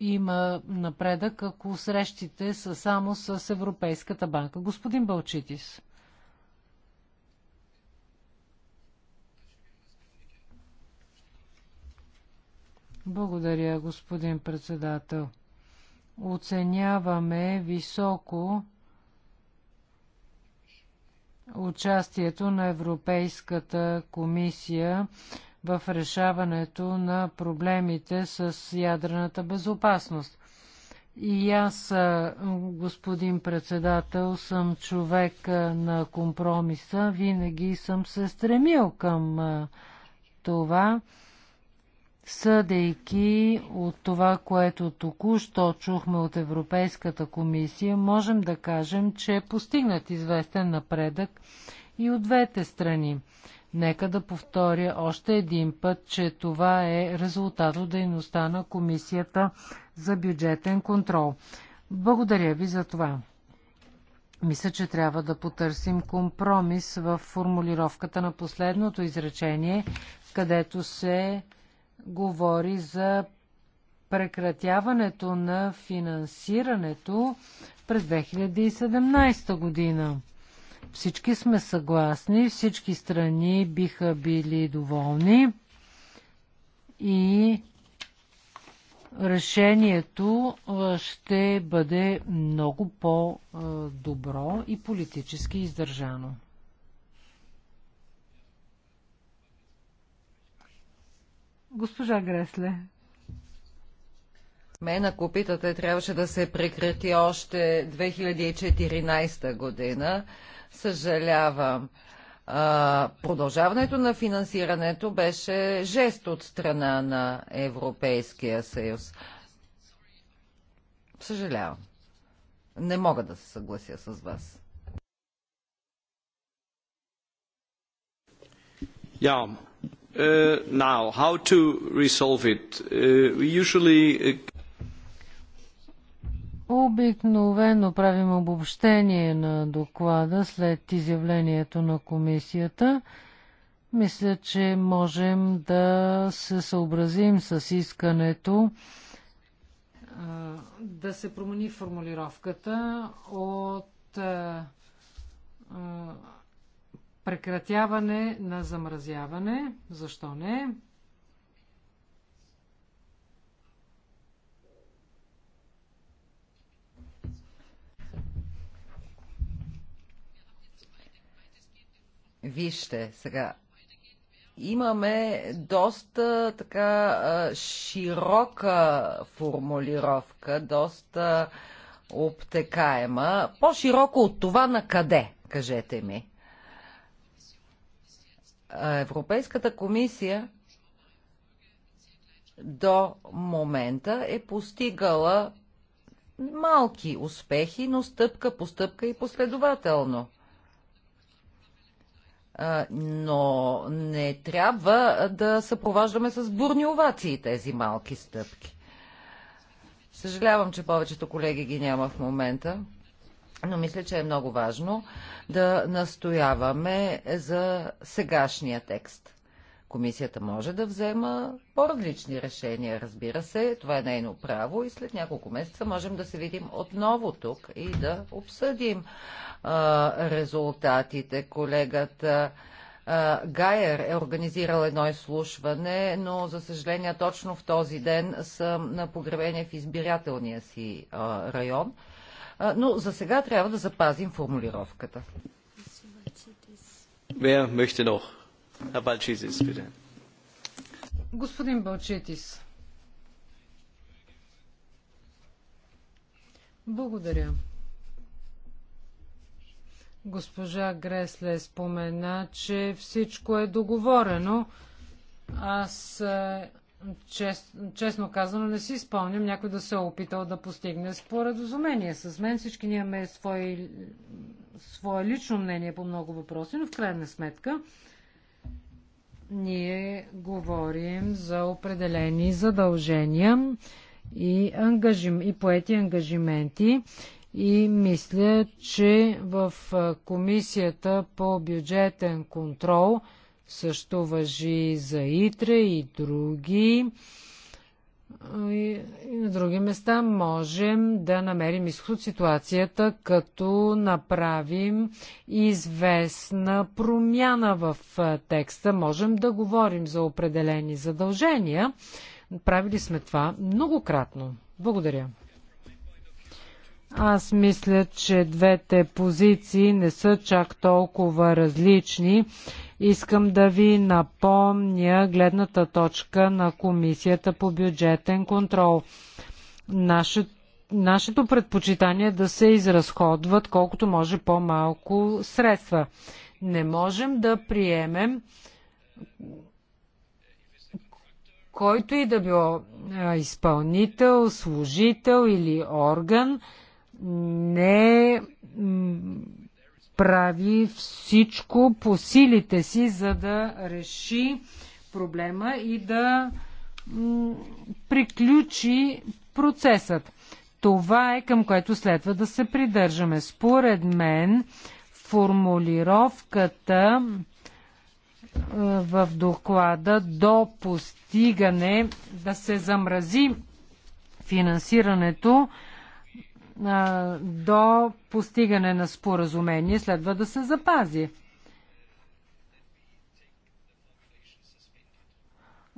има напредък, ако срещите са само с Европейската банка. Господин Балчитис. Благодаря, господин председател. Оценяваме високо участието на Европейската комисия в решаването на проблемите с ядрената безопасност. И аз, господин председател, съм човек на компромиса. Винаги съм се стремил към това. Съдейки от това, което току-що чухме от Европейската комисия, можем да кажем, че е постигнат известен напредък и от двете страни. Нека да повторя още един път, че това е резултат от дейността на Комисията за бюджетен контрол. Благодаря ви за това. Мисля, че трябва да потърсим компромис в формулировката на последното изречение, където се говори за прекратяването на финансирането през 2017 година. Всички сме съгласни, всички страни биха били доволни и решението ще бъде много по-добро и политически издържано. Госпожа Гресле. Мен, ако питате, трябваше да се прекрати още 2014 година. Съжалявам. А, продължаването на финансирането беше жест от страна на Европейския съюз. Съжалявам. Не мога да се съглася с вас. Ja, Uh, now, how to resolve it? Uh, we usually... Uh, Обикновено правим обобщение на доклада след изявлението на комисията. Мисля, че можем да се съобразим с искането да се промени формулировката от Прекратяване на замразяване. Защо не? Вижте, сега имаме доста така широка формулировка, доста обтекаема. По-широко от това на къде, кажете ми. Европейската комисия до момента е постигала малки успехи, но стъпка по стъпка и последователно. Но не трябва да съпровождаме с бурни овации тези малки стъпки. Съжалявам, че повечето колеги ги няма в момента но мисля, че е много важно да настояваме за сегашния текст. Комисията може да взема по-различни решения, разбира се, това е нейно право и след няколко месеца можем да се видим отново тук и да обсъдим а, резултатите. Колегата Гайер е организирал едно изслушване, но за съжаление точно в този ден съм на погребение в избирателния си а, район но за сега трябва да запазим формулировката. Wer möchte noch? Herr bitte. Господин Балчетис, благодаря. Госпожа Гресле спомена, че всичко е договорено. Аз е, Чест, честно казано, не си спомням някой да се е опитал да постигне споразумение. С мен всички ние имаме свое, свое лично мнение по много въпроси, но в крайна сметка ние говорим за определени задължения и, ангажим, и поети ангажименти. И мисля, че в комисията по бюджетен контрол – също въжи за Итре и други. И на други места можем да намерим изход ситуацията, като направим известна промяна в текста. Можем да говорим за определени задължения. Правили сме това многократно. Благодаря. Аз мисля, че двете позиции не са чак толкова различни Искам да ви напомня гледната точка на Комисията по бюджетен контрол. Нашето нашето предпочитание е да се изразходват колкото може по-малко средства. Не можем да приемем който и да било изпълнител, служител или орган не прави всичко по силите си, за да реши проблема и да приключи процесът. Това е към което следва да се придържаме. Според мен, формулировката е, в доклада до постигане да се замрази финансирането а, до постигане на споразумение следва да се запази.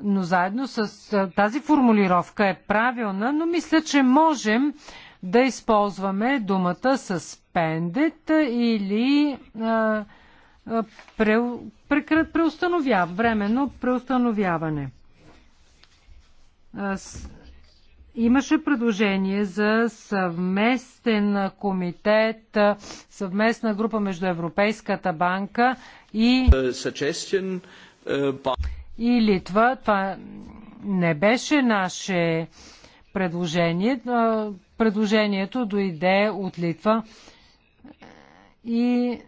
Но заедно с а, тази формулировка е правилна, но мисля, че можем да използваме думата suspended или а, пре, пре, преустановяв, временно преустановяване. Имаше предложение за съвместен комитет, съвместна група между Европейската банка и, и Литва. Това не беше наше предложение. Предложението дойде от Литва и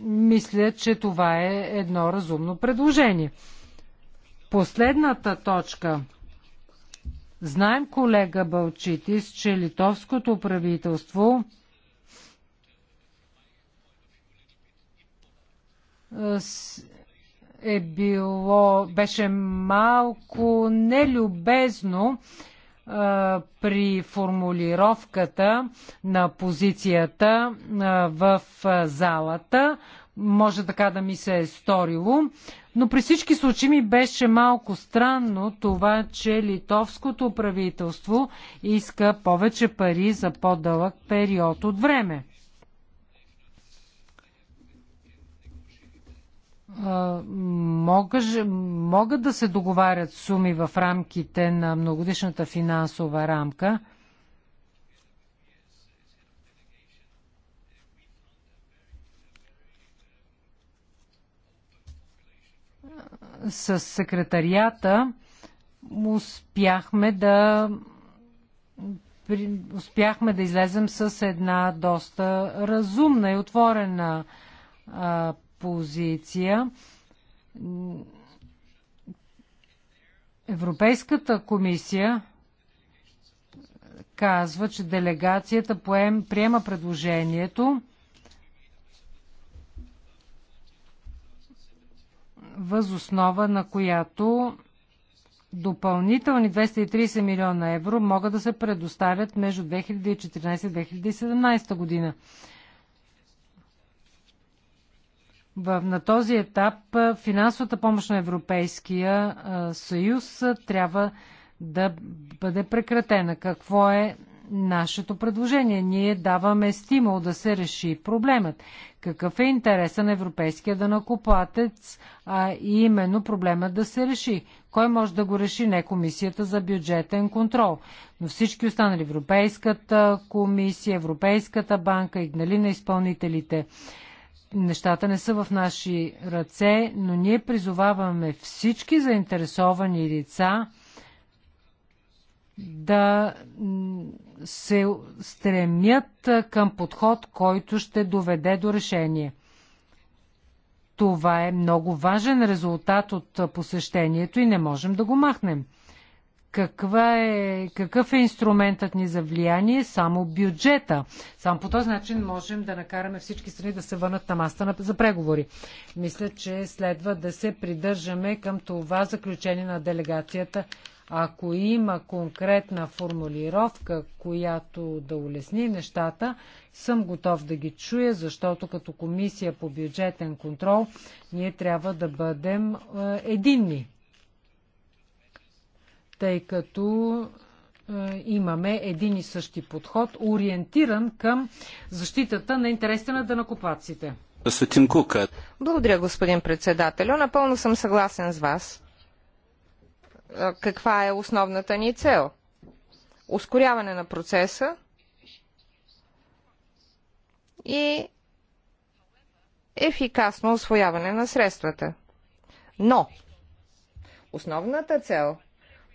мисля, че това е едно разумно предложение. Последната точка – Знаем, колега Балчитис, че литовското правителство е било, беше малко нелюбезно при формулировката на позицията в залата може така да ми се е сторило. Но при всички случаи ми беше малко странно това, че литовското правителство иска повече пари за по-дълъг период от време. Могат, могат да се договарят суми в рамките на многодишната финансова рамка – с секретарията успяхме да успяхме да излезем с една доста разумна и отворена а, позиция. Европейската комисия казва, че делегацията поем, приема предложението възоснова на която допълнителни 230 милиона евро могат да се предоставят между 2014 и 2017 година. На този етап финансовата помощ на Европейския съюз трябва да бъде прекратена. Какво е нашето предложение. Ние даваме стимул да се реши проблемът. Какъв е интереса на европейския данакоплатец, а именно проблема да се реши? Кой може да го реши? Не комисията за бюджетен контрол, но всички останали. Европейската комисия, Европейската банка, Игналина, изпълнителите. Нещата не са в наши ръце, но ние призоваваме всички заинтересовани лица да се стремят към подход, който ще доведе до решение. Това е много важен резултат от посещението и не можем да го махнем. Каква е, какъв е инструментът ни за влияние? Само бюджета. Само по този начин можем да накараме всички страни да се върнат на маста за преговори. Мисля, че следва да се придържаме към това заключение на делегацията ако има конкретна формулировка, която да улесни нещата, съм готов да ги чуя, защото като комисия по бюджетен контрол ние трябва да бъдем е, единни, тъй като е, имаме един и същи подход, ориентиран към защитата на интересите на дънакопаците. Благодаря, господин председател. Напълно съм съгласен с вас каква е основната ни цел. Ускоряване на процеса и ефикасно освояване на средствата. Но основната цел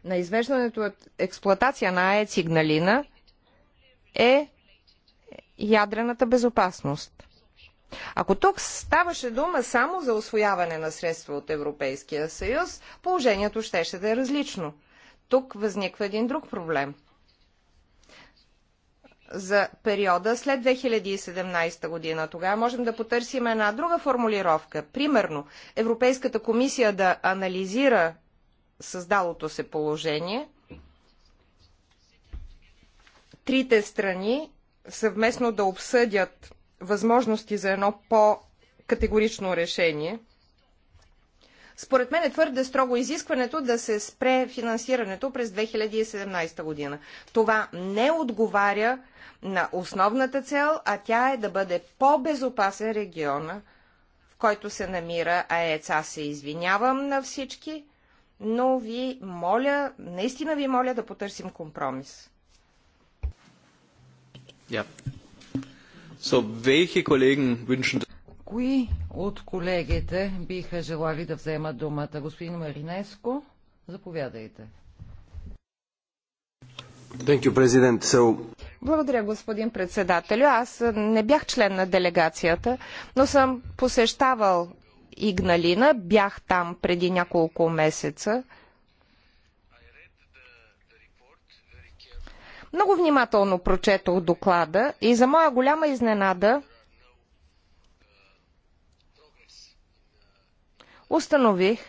на извеждането от експлоатация на АЕЦ Сигналина е ядрената безопасност. Ако тук ставаше дума само за освояване на средства от Европейския съюз, положението щеше да е различно. Тук възниква един друг проблем. За периода след 2017 година, тогава можем да потърсим една друга формулировка. Примерно, Европейската комисия да анализира създалото се положение, трите страни съвместно да обсъдят възможности за едно по-категорично решение. Според мен е твърде строго изискването да се спре финансирането през 2017 година. Това не отговаря на основната цел, а тя е да бъде по-безопасен региона, в който се намира АЕЦ. Аз се извинявам на всички, но ви моля, наистина ви моля да потърсим компромис. Кои от колегите биха желали да вземат думата? Господин Маринеско, заповядайте. You, so... Благодаря, господин председател, Аз не бях член на делегацията, но съм посещавал Игналина. Бях там преди няколко месеца. Много внимателно прочетох доклада и за моя голяма изненада установих,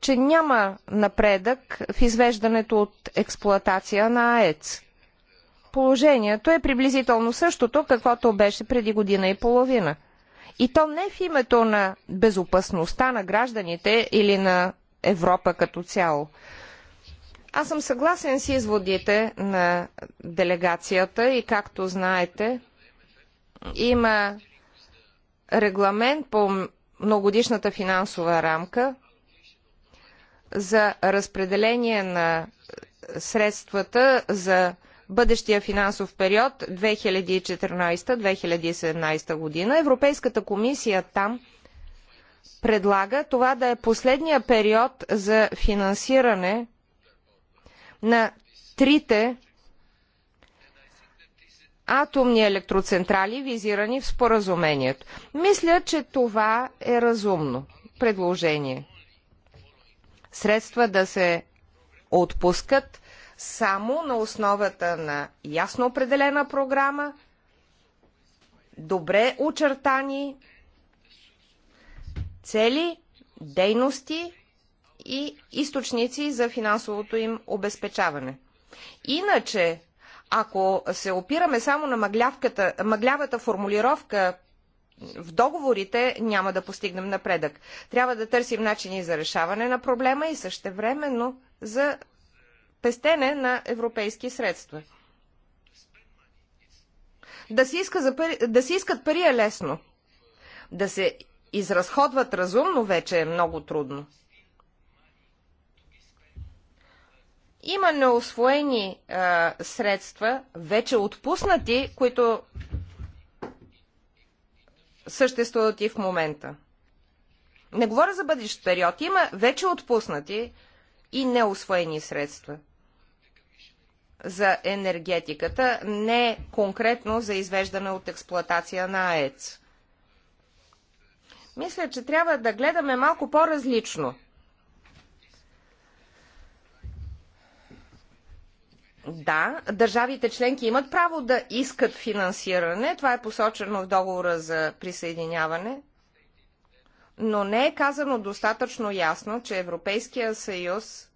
че няма напредък в извеждането от експлоатация на АЕЦ. Положението е приблизително същото, каквото беше преди година и половина. И то не в името на безопасността на гражданите или на Европа като цяло. Аз съм съгласен с изводите на делегацията и както знаете, има регламент по многодишната финансова рамка за разпределение на средствата за бъдещия финансов период 2014-2017 година. Европейската комисия там предлага това да е последния период за финансиране на трите атомни електроцентрали, визирани в споразумението. Мисля, че това е разумно предложение. Средства да се отпускат само на основата на ясно определена програма, добре очертани цели, дейности и източници за финансовото им обезпечаване. Иначе, ако се опираме само на мъглявата формулировка в договорите, няма да постигнем напредък. Трябва да търсим начини за решаване на проблема и същевременно за пестене на европейски средства. Да се, иска за пари, да се искат пари е лесно. Да се изразходват разумно вече е много трудно. Има неосвоени а, средства, вече отпуснати, които съществуват и в момента. Не говоря за бъдещ период. Има вече отпуснати и неосвоени средства за енергетиката, не конкретно за извеждане от експлоатация на АЕЦ. Мисля, че трябва да гледаме малко по-различно – Да, държавите членки имат право да искат финансиране. Това е посочено в договора за присъединяване. Но не е казано достатъчно ясно, че Европейския съюз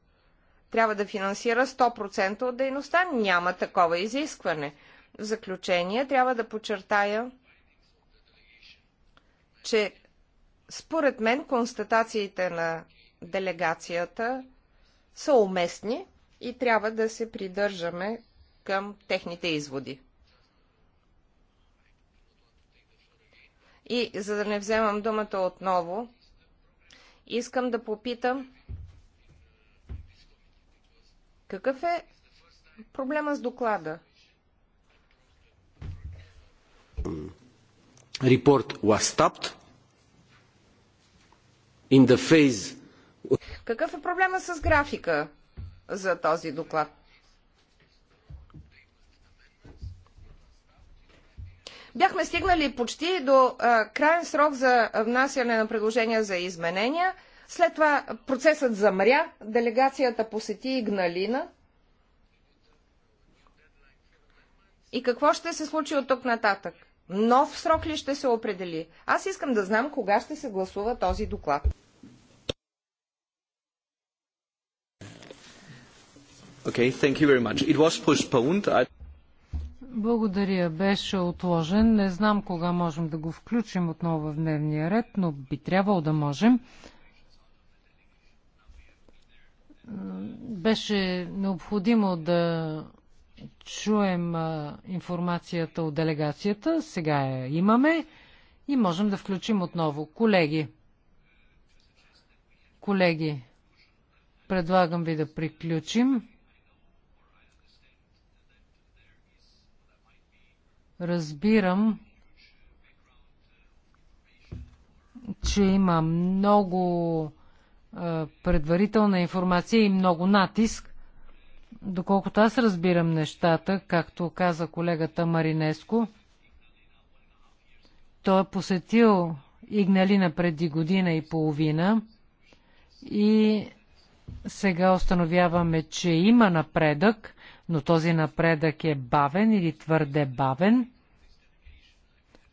трябва да финансира 100% от дейността. Няма такова изискване. В заключение трябва да подчертая, че според мен констатациите на делегацията са уместни и трябва да се придържаме към техните изводи. И за да не вземам думата отново, искам да попитам какъв е проблема с доклада? Report was stopped in the phase... Какъв е проблема с графика? за този доклад. Бяхме стигнали почти до крайен срок за внасяне на предложения за изменения. След това процесът замря, делегацията посети Игналина. И какво ще се случи от тук нататък? Нов срок ли ще се определи? Аз искам да знам кога ще се гласува този доклад. Okay, thank you very much. It was postponed. I... Благодаря, беше отложен. Не знам кога можем да го включим отново в дневния ред, но би трябвало да можем. Беше необходимо да чуем информацията от делегацията. Сега я имаме и можем да включим отново. Колеги, колеги, предлагам ви да приключим. Разбирам, че има много предварителна информация и много натиск. Доколкото аз разбирам нещата, както каза колегата Маринеско, той е посетил Игналина преди година и половина и сега установяваме, че има напредък но този напредък е бавен или твърде бавен,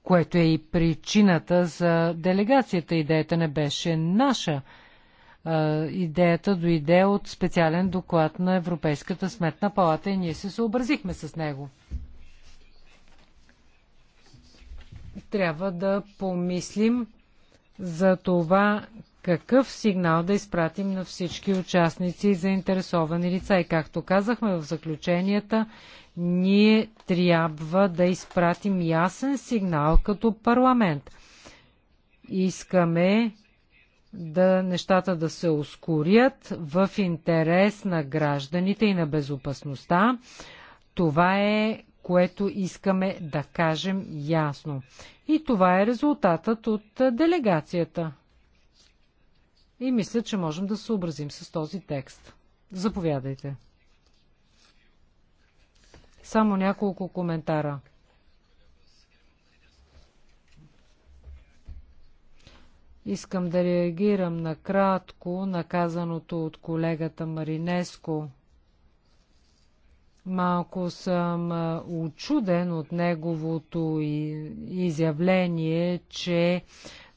което е и причината за делегацията. Идеята не беше наша. Идеята дойде от специален доклад на Европейската сметна палата и ние се съобразихме с него. Трябва да помислим за това какъв сигнал да изпратим на всички участници и заинтересовани лица. И както казахме в заключенията, ние трябва да изпратим ясен сигнал като парламент. Искаме да нещата да се ускорят в интерес на гражданите и на безопасността. Това е което искаме да кажем ясно. И това е резултатът от делегацията. И мисля, че можем да съобразим с този текст. Заповядайте. Само няколко коментара. Искам да реагирам накратко на казаното от колегата Маринеско. Малко съм очуден от неговото изявление, че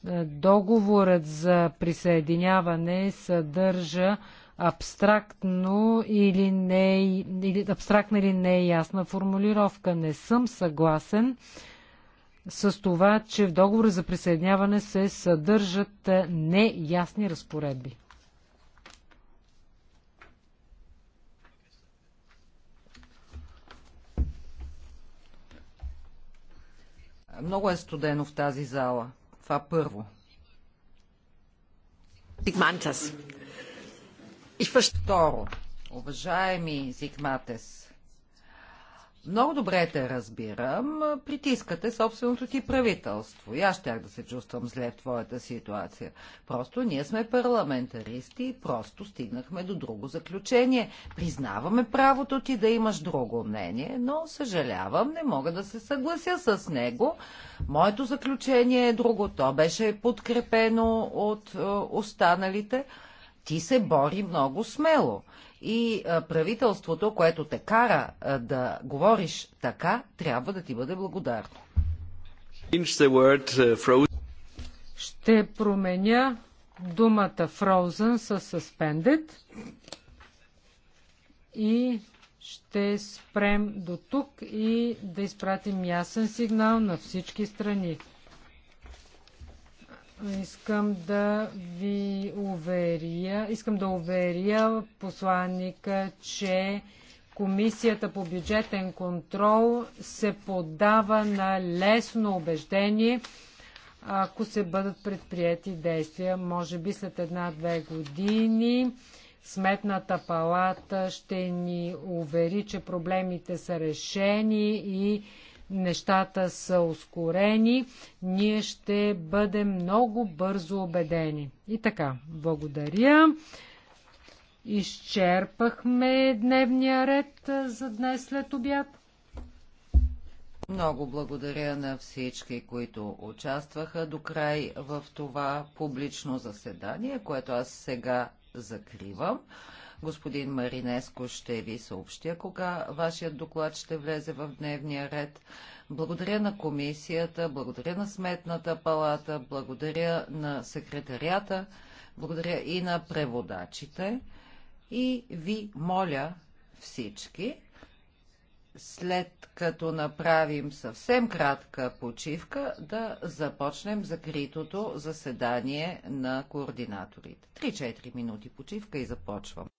е, договорът за присъединяване съдържа абстрактно или, не, или абстрактна или неясна формулировка. Не съм съгласен с това, че в договора за присъединяване се съдържат е, неясни разпоредби. Много е студено в тази зала. Това първо. Зигмантес. Второ, уважаеми Зигматес, много добре те разбирам. Притискате собственото ти правителство. И аз щях да се чувствам зле в твоята ситуация. Просто ние сме парламентаристи и просто стигнахме до друго заключение. Признаваме правото ти да имаш друго мнение, но съжалявам, не мога да се съглася с него. Моето заключение е друго. То беше подкрепено от е, останалите ти се бори много смело. И правителството, което те кара да говориш така, трябва да ти бъде благодарно. Uh, ще променя думата frozen с suspended и ще спрем до тук и да изпратим ясен сигнал на всички страни. Искам да ви уверя, искам да уверя посланника, че Комисията по бюджетен контрол се подава на лесно убеждение, ако се бъдат предприяти действия. Може би след една-две години Сметната палата ще ни увери, че проблемите са решени и нещата са ускорени, ние ще бъдем много бързо убедени. И така, благодаря. Изчерпахме дневния ред за днес след обяд. Много благодаря на всички, които участваха до край в това публично заседание, което аз сега закривам. Господин Маринеско ще ви съобщя кога вашият доклад ще влезе в дневния ред. Благодаря на комисията, благодаря на Сметната палата, благодаря на секретарията, благодаря и на преводачите. И ви моля всички след като направим съвсем кратка почивка, да започнем закритото заседание на координаторите. 3-4 минути почивка и започвам.